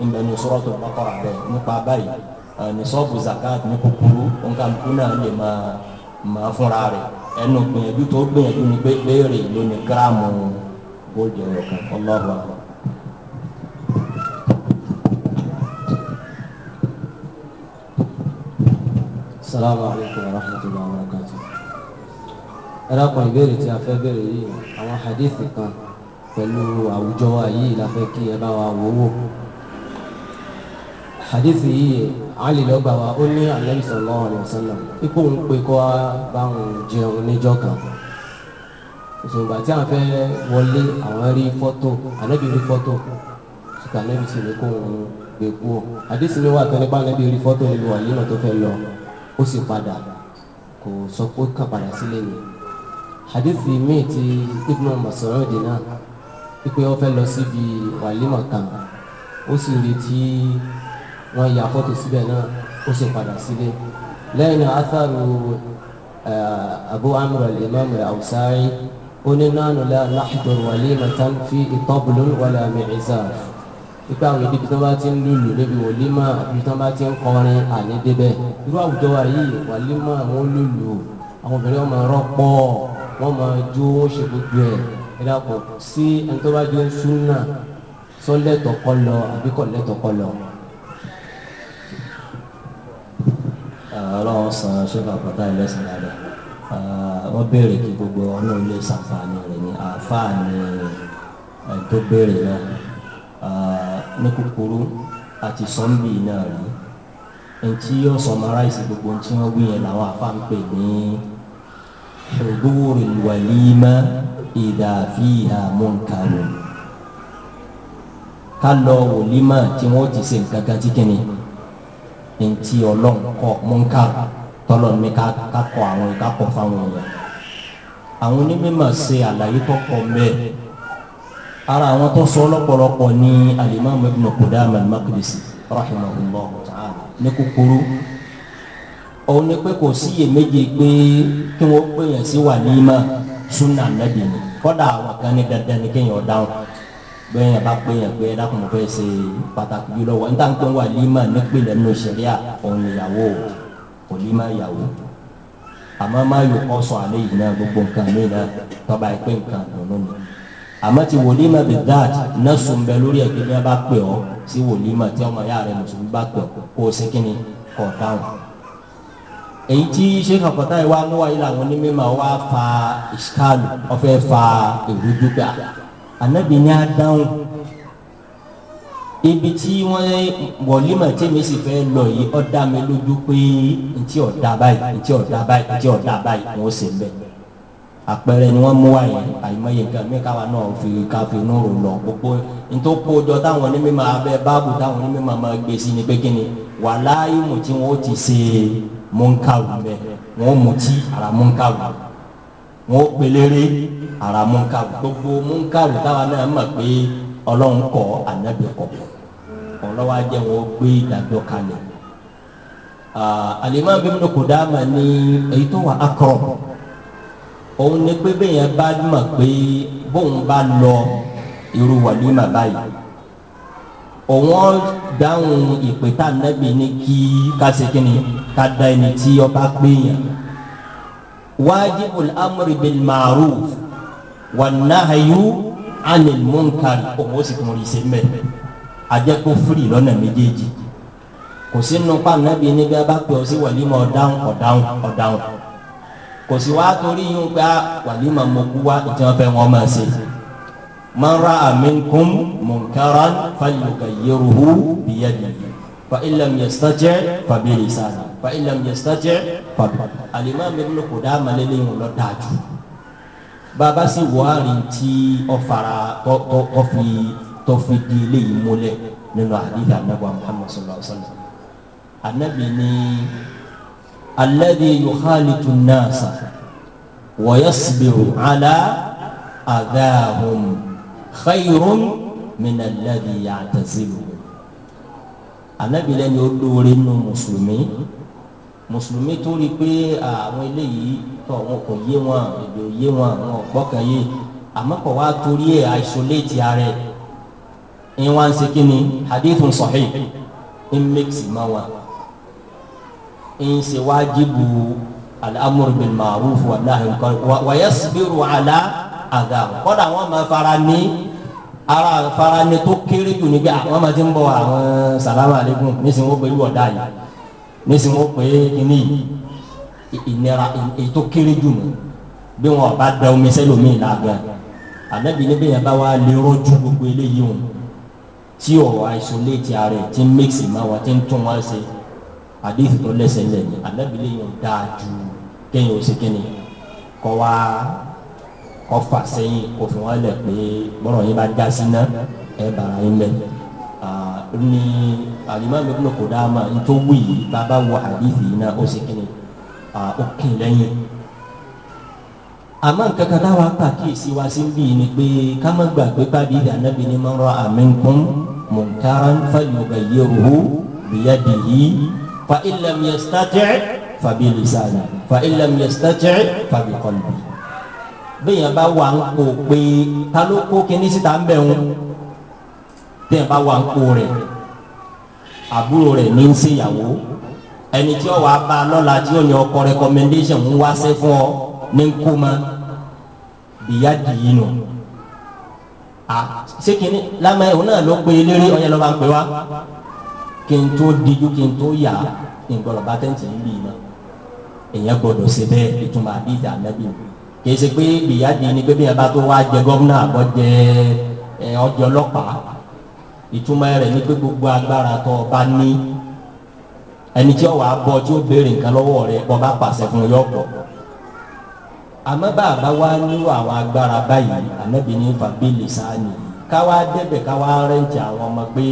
ìgbà ní suratul Baqara bẹ̀ nípa báyìí nisọ́ọ̀bù zakat ní kúkúrú ònkàlùkù náà lè máa máa fúnra rẹ̀ ẹnu gbìyànjú tó gbìyànjú ni pé béèrè lónìí gíráàmù gold ẹ̀rọ kan ọlọ́run àwọn. Assalamu alaikum warahmatullahi wabarakatuh ẹ dákun ìbéèrè tí a fẹ́ béèrè yìí àwọn hadith kan pẹ̀lú àwùjọ wa yìí la fẹ́ kí ẹ bá wa wò wò hadith yìí Ali lọ́gbà wa ó ní Ànábì sallallahu alaihi wasallam ipò ń pe kọ́ báwọn jẹun níjọ́ kan ìṣòwò àti àwọn fẹ́ wọlé àwọn rí fọ́tò Ànábì rí fọ́tò ṣùgbọ́n Ànábì sì ní kó wọn gbé kú ọ àdéhùn mi wà tán nípa Ànábì rí fọ́tò nínú wàlímọ̀ tó fẹ́ lọ ó sì padà kò sọ pé kà padà sílé yìí hadithi míì ti Ibn Mas'ud dínà pípé ó fẹ́ lọ síbi wàlímà kan ó sì rí tí wọ́n ya fọ́tò síbẹ̀ náà ó sì padà sílé lẹ́yìn náà atharu Abu Amr al-Imam al-Awza'i ó ní nánú la nahduru walimatan fi tablun wala mi'zaf ipa àwọn ibi tí wọ́n bá ti ń lùlù níbi wòlímà ibi tí wọ́n bá ti ń kọrin àní débẹ̀ irú àwùjọ wa yìí wòlímà wọ́n lùlù àwọn obìnrin wọn máa rọ́pọ̀ wọ́n máa jó wọ́n ṣe gbogbo ẹ̀ ẹ̀dá kò sí ẹni tó bá jó súnà sọ́lẹ̀tọ̀ kọ́ lọ àbí kọ́ lẹ́tọ̀ kọ́ lọ. ọlọ́run san ṣẹ́fà pátá ẹlẹ́sìn lálẹ́ wọ́n béèrè kí gbogbo ọ̀nà ilé ṣàǹfààní rẹ̀ ní àáfàá ni ẹ̀ tó béèrè náà ní kúkúrú àti sọ́ńbì náà rí ntí yóò sọmaráìsì gbogbo ntí wọn wí yẹn làwọn afa ń pè ní ṣùgbọ́n ìwàlímà ìdàfíhà mọ́nkàrò ká lọ wòlímà tí wọ́n ti ṣe nǹkan kan tí kìíní ntí ọlọ́run kọ mọ́nkàrò tọ́lọ̀ ní ká kọ́ àwọn ká kọ́ fáwọn èèyàn àwọn onímọ̀ ṣe àlàyé tó mẹ́ẹ̀ ara àwọn tó sọ lọ́pọ̀lọpọ̀ ní alimami ibn Qudama al-Maqdisi rahimahullah ta'ala ní kúkúrú òun ni pé kò síyè méje pé kí wọ́n pè yẹn sí wàlímà sunna nàbì ni kọ́dà àwọn kan ní dandan ni kéèyàn dáhùn bẹ́ẹ̀ yẹn bá pè yẹn pé dákun fẹ́ ṣe pàtàkì jùlọ wọ́n níta ń pè wàlímà nípìnlẹ̀ nù sẹ̀ríà òun ìyàwó wàlímà ìyàwó àmọ́ má yọ ọ̀sọ̀ àlẹ́ yìí náà gbogbo nǹkan mi náà tọ́ba ẹ̀ pé nǹkan dùnú mi àmọ́ ti ma bí dat náà sùn bẹ lórí ẹ̀gbẹ́ bá pè ọ́ sí wòlímà tí ọmọ ya rẹ̀ mùsùlùmí bá pè ọ́ kó o sẹ́kìnni kọ̀ dáhùn. èyí tí sheikh akọta yìí wá níwáyé làwọn onímọ̀ wá fa ìṣkáàlù ọ̀fẹ́ fa èrú dúkà ànábì ní a dáhùn. ibi tí wọ́n wòlímà tí mi sì fẹ́ lọ yìí ó dá mi lójú pé ntí ó báyìí ntí ó báyìí ntí ó báyìí wọ́n sì bẹ́ẹ̀ àpẹẹrẹ ni wọn mú wáyé àyìnbáyé nǹkan mi káwa náà fi ká fi nùrù lọ gbogbo ntó kójọ táwọn onímọ̀ abẹ báàbù táwọn onímọ̀ máa gbé sí ni pé kí ni wàláyé mu tí wọn ó ti ṣe mọ́ńkàwù bẹ wọn ó mutí ara mọ́ńkàwù wọn ó pelére ara mọ́ńkàwù gbogbo mọ́ńkàwù táwa náà mọ̀ pé ọlọ́run kọ ànábì kọ ọlọ́wọ́ ajẹ́ wọn ó gbé ìdájọ́ kalẹ̀ alimami bin kudama ni èyí tó wà akọrọ òun ni pé bẹ́ẹ̀ yẹn bá mọ̀ pé bóun bá lọ irú wàlímà báyìí òun dáhùn ìpè tá nẹ́bi ní kí kásìkìnì ká da ẹni tí ọba pé yẹn wájibul amri bil ma'ruf wan nahyu anil munkar òun ó sì tún rí sí mẹ ajẹ́kó firi lọ́nà méjèèjì kò sínú pa nẹ́bi ní bí a bá pè ọ sí wàlímà ọ̀dáhùn ọ̀dáhùn ọ̀dáhùn kò sí wá torí yín gba ah, wàlímà mọ̀kú wá tí wọ́n fẹ́ wọn máa ṣe. man ra'a minkum munkaran falyughayyirhu biyadihi fa illam yastati' fa bilisani fa illam yastati' fa bi. alimami ibn Qudama lélẹ́yìn lọ dájú. bàbá sì wàhálì tí ọ̀fara tọ́fi tọ́fi di eléyìí múlẹ̀ nínú àdìgbà anábọ̀ Muhammad sallallahu alaihi wa sallam. anábì ní alladhi yukhalitu an-nasa wa yasbiru ala adhahum khayrun min alladhi ya'tazilu anabi lẹni o lóore nù mùsùlùmí mùsùlùmí tó rí i pé àwọn eléyìí tó wọn kò yé wọn èdè ò yé wọn àwọn ọ̀pọ̀ kan yé àmọ́ wá torí ẹ̀ isolate ara ẹ̀ ń wá ń ṣe kí ni hadithun sahih ń mix mọ́ wọn ń ṣe wájibu al-amru bil ma'ruf wa nahy nǹkan wa yasbiru ala àgà kọ́dà wọn máa fara ní ara fara ní tó kéré jù níbi àwọn máa ti ń bọ̀ àwọn salamu aleykum nísìnyí wọ́n pè é wọ̀dà yìí nísìnyí wọ́n pè é kíní yìí ìnira èyí tó kéré jù nù bí wọn bá da omi sẹlómi làgbà ànábi ní bẹyẹn bá wà lè rọjú gbogbo eléyìí wọn tí ọ̀rọ̀ isolate ara ti mix ma wọn ti tún wọn ṣe àdéhùn tó lẹ́sẹ̀ lẹ̀ ní anábìlẹ̀ yóò dáa ju kéèyàn ó ṣe kéèyàn kọ́ wá kọ́ fà sẹ́yìn kò fi wọ́n lẹ̀ pé bọ́rọ̀ yín bá dá sí ná ẹ bàrà yín lẹ̀ ní alimami Ibn Qudama ntọ́ wù yìí bàbá wọ àdéhùn yìí náà ó ṣe kéèyàn ó kì í lẹ́yìn àmọ́ nǹkan kan táwa pàkíyèsí wa sí bíi ni pé ká má gbàgbé pàdé ìdánábì ni man ra'a minkum munkaran falyughayyiruhu biyadihi fa illam yastati' fa bi lisani fa illam yastati' fa bi qalbi. bẹ́ẹ̀yàn bá wà ń kó pé ta ló kó kíní síta ń bẹ̀ ń bẹ́ẹ̀yàn bá wà ń kó rẹ̀ àbúrò rẹ̀ ní í ṣèyàwó ẹni tí ó wà á bá lọ́la tí ó ní ọkọ recommendation ń wá sí fún ọ ní kó mọ́ ìyá dìyí nù. a ṣé kíní lámẹ́ òun náà ló pe eléré ọyẹ lọ́ba ń pè wá kí n tó dijú kí n tó yà ngbọdọ bátẹ́ǹtì ń bì iná èyàn gbọdọ̀ ṣe bẹ́ẹ̀ ìtumọ̀ àdìjà nẹ́bí kì í ṣe pé ìyáàdì ni pé bí ẹ bá tó wá jẹ gómìnà àbọ̀ jẹ ọjọ́ ọlọ́pàá ìtumọ̀ rẹ̀ ni pé gbogbo agbára tó o bá ní ẹni tí ó wàá bọ tí ó béèrè nǹkan lọ́wọ́ rẹ̀ bọ́ bá pàṣẹ fún yọ pọ̀ àmọ́ bá a bá wá nílò àwọn agbára báyìí ànábì ní fàbílì sáà nìyí káwá débẹ̀ káwá rẹ̀ǹtì àwọn ọmọ pé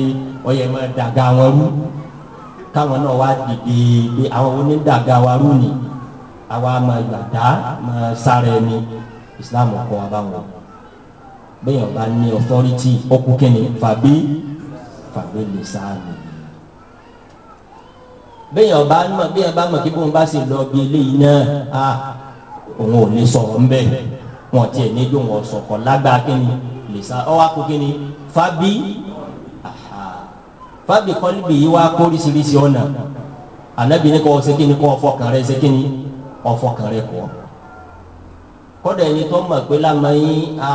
wọ́n yẹ máa dàga wọn rú káwọn náà wá dìde pé àwọn onídàga wa rú ni àwa máa gbàdá máa sára ẹni Islam kọ wa báwọn bẹ́ẹ̀ yẹn ní authority ọkú kẹ́ni fàbí fàbí lè sáàmì bẹ́ẹ̀ yẹn bá mọ̀ bẹ́ẹ̀ yẹn bá mọ̀ kí bóun bá sì lọ bí eléyìí náà a òun ò lè sọ̀rọ̀ ńbẹ́ wọn tiẹ̀ níjó wọn sọ̀kọ̀ lágbára kẹ́ni lè sá ọwọ́ akó kẹ́ni fàbí fábì kọ́líbì yìí wá kóríṣiríṣi ọ̀nà ànábì ní kò ṣe kí ni kò ọ̀fọ̀kàn rẹ ṣe kí ni ọ̀fọ̀kàn rẹ kọ́ kọ́dà ẹni tó mọ̀ pé lámàyín a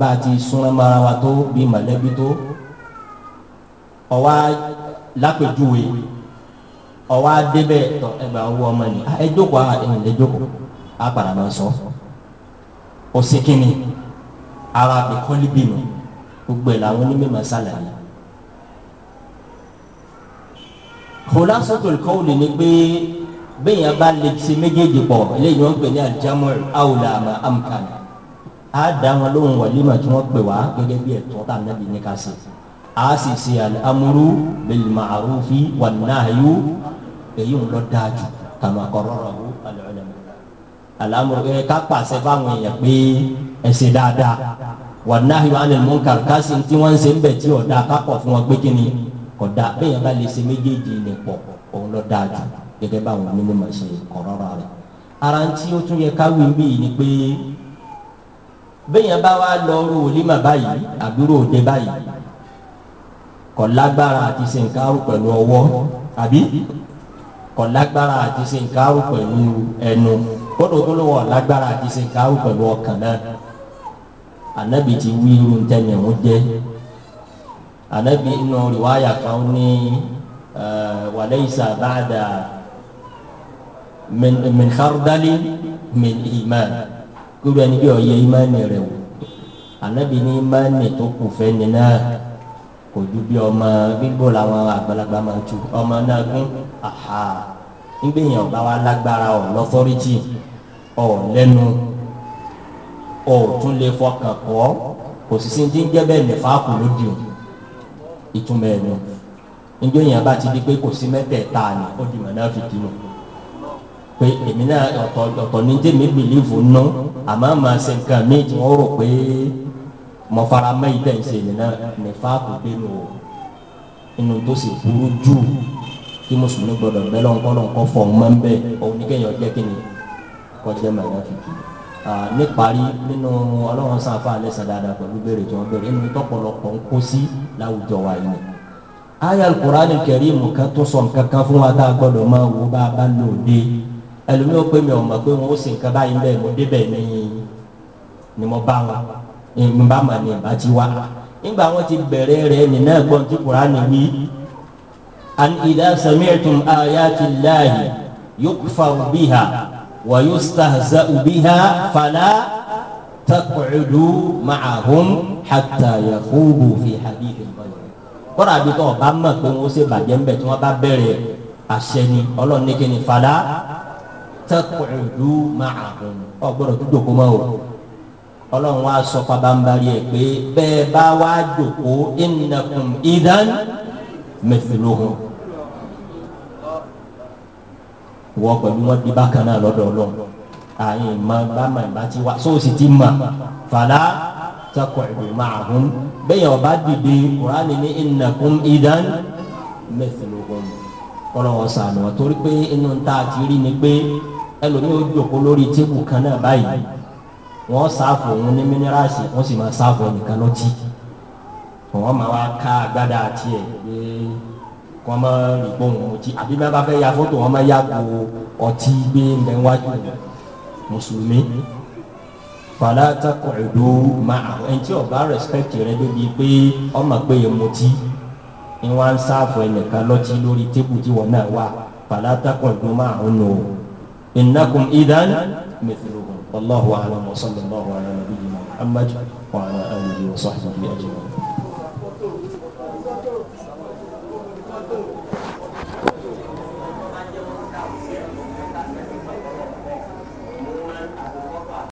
bá a ti súnra mara wa tó bí mọ̀lẹ́bí tó ọ̀wá lápẹ̀júwe ọ̀wá débẹ̀ tọ̀ ẹgbà owó ọmọ ni ah, ẹ jókòó a ah, ẹ̀yìn lè jókòó a padà máa sọ ọ̀sẹ̀ kínní ara àbẹ̀kọ́líbì nù gbogbo ẹ̀ làwọn onímọ̀ sálàyé. kòlá sọ́tòlù kọ́ òlè ni pé bẹ́ẹ̀ yẹn bá lè ṣe méjèèjì pọ̀ eléyìí wọ́n pè ní àjámọ́ àwòlà àmà àmkàlà á dá wọn lóhùn wàlímà tí wọ́n pè wá gẹ́gẹ́ bí ẹ̀tọ́ tá a nàbì ní ká ṣe á sì ṣe àmúrú bil ma'rufi wan nahyu èyí ń lọ dáa jù kama qarrarahu al-ulama àlámúrú ẹ ká pàṣẹ fáwọn èèyàn pé ẹ dáadáa wan nahyu anil munkar ká sì wọ́n ń ṣe ń bẹ̀ tí ọ̀dà ká fún wọn pé kí kọ̀dà bẹ́ẹ̀ yẹn bá lè ṣe méjèèjì lè pọ̀ òun lọ dáa jù gẹ́gẹ́ báwọn onímọ̀ ṣe ọ̀rọ̀ rẹ̀ ara ń tí ó tún yẹ káwé ń bì ní pé bẹ́ẹ̀ yẹn bá wá lọ rú olímọ̀ báyìí àbúrò òde báyìí kọ̀ lágbára àti ṣe nǹkan àrùn pẹ̀lú ọwọ́ àbí kọ̀ lágbára àti ṣe nǹkan àrùn pẹ̀lú ẹnu kódò tó lówó lágbára àti ṣe nǹkan pẹ̀lú ọkàn náà ànábì ti wí irú ẹ̀hún jẹ́ anabi inú riwaya kan ní wàlẹ́yìísà báàdà min khardali min iman kúrò ẹni bí ọ̀yẹ́ imani rẹ̀ wò anabi ní imani tó kù fẹ́ ni náà kò ju bí ọmọ bíbó làwọn àgbàlagbà máa tu ọmọ náà gún àhà nígbèyàn bá wa lágbára ọ̀ lọ́fọ́rìtì ọ̀ lẹ́nu ọ̀ tún lè fọkàn kọ́ kò sì sí ní jẹ́ bẹ́ẹ̀ nìfà kù lódì o ìtumọ̀ ẹ̀ nù níjọ́ yẹn bá ti di pé kò sí mẹ́tẹ̀ẹ̀ta ni ó di mọ̀nà fi dì nù pé èmi náà ọ̀tọ̀ ọ̀tọ̀ ní tèmi bìlíìfù nù àmọ́ màá ṣe nǹkan míì tí wọ́n rò pé mo fara mọ́ ìtẹ̀ ìṣe yìí náà nífà kò gbé nù o inú tó sì burú jù kí mùsùlùmí gbọdọ̀ bẹ́ lọ́nkọ́lọ́nkọ́ fọ̀ mọ́ ń bẹ́ẹ̀ òun ní kéèyàn jẹ́ kí ni kọjá mọ̀nà fi dì níparí nínú ọlọ́run sáfà lẹ́sàn dáadáa pẹ̀lú béèrè tí wọ́n béèrè nínú tọ́pọ̀lọpọ̀ ń kó sí láwùjọ wa yìí aya alukurani karim kan tó sọ nǹkan kan fún wa tá a gbọ́dọ̀ máa wo bá a bá lò dé ẹlòmíì ó pè mí ọmọ pé wọn sì nǹkan báyìí bẹ́ẹ̀ mo débẹ̀ ní ni mo bá wa ní bá mà ní ìbá ti wá nígbà wọn ti bẹ̀rẹ̀ rẹ̀ nínú ẹ̀gbọ́n tí kurani wí an idha sami'tum ayati llahi yukfaru biha wa yustahza'u biha fala takudu ma'ahum hatta yakubu fi hadithi lọ́yọ̀ kọ́ra àbí tó ọba mọ̀ pé wọ́n ṣe bàjẹ́ ńbẹ̀ tí wọ́n bá bẹ̀rẹ̀ àṣẹ ni ọlọ́run ní kíni fada takudu ma'ahum ọgbọ́dọ̀ tó dòkó mọ́ o ọlọ́run wa sọ pabambari ẹ̀ pé bẹ́ẹ̀ bá wá dòkó innakum idan mithluhum wọ́n pẹ̀lú wọn bí bákan náà lọ́dọ̀ ọlọ́run àyìn mọ bámọ̀ ìbá ti wá sóòsì ti mọ̀ fàlà takọ̀ ìlú màáhùn bẹ́ẹ̀ ọba dìde kùránì ní ìnàkùn ìdán mẹ́sìlógún kọ́lọ́wọ́ sànù torí pé inú ta ti rí ni pé ẹlòmíì ó jòkó lórí tébù kan náà báyìí wọ́n sáfù òun ní mínírààsì wọ́n sì máa sáfù ẹnìkan lọ́tì wọ́n máa wá ká agbádá tiẹ̀ pé kọ́ mọ́ ìgbóhùn ọtí àbí bá bá fẹ́ ya fótó wọ́n máa yàgò ọtí gbé ńbẹ́ wájú rẹ̀ mùsùlùmí fàlà takọ̀ ẹ̀dọ́ máa ẹ̀ tí ọba rẹ̀spẹ̀tì rẹ débi pé ọmọ pé yẹ mutí ni wọ́n á ń sáàfù ẹnìkan lọ́tí lórí tébù tí wọ́n náà wà fàlà takọ̀ ẹ̀dọ́ máa ń nù ìnákùn ìdán mẹ́tìlógún wàlláhu alam wa sallallahu ala nabiyina muhammad wa ala alihi wa sahbihi ajma'in.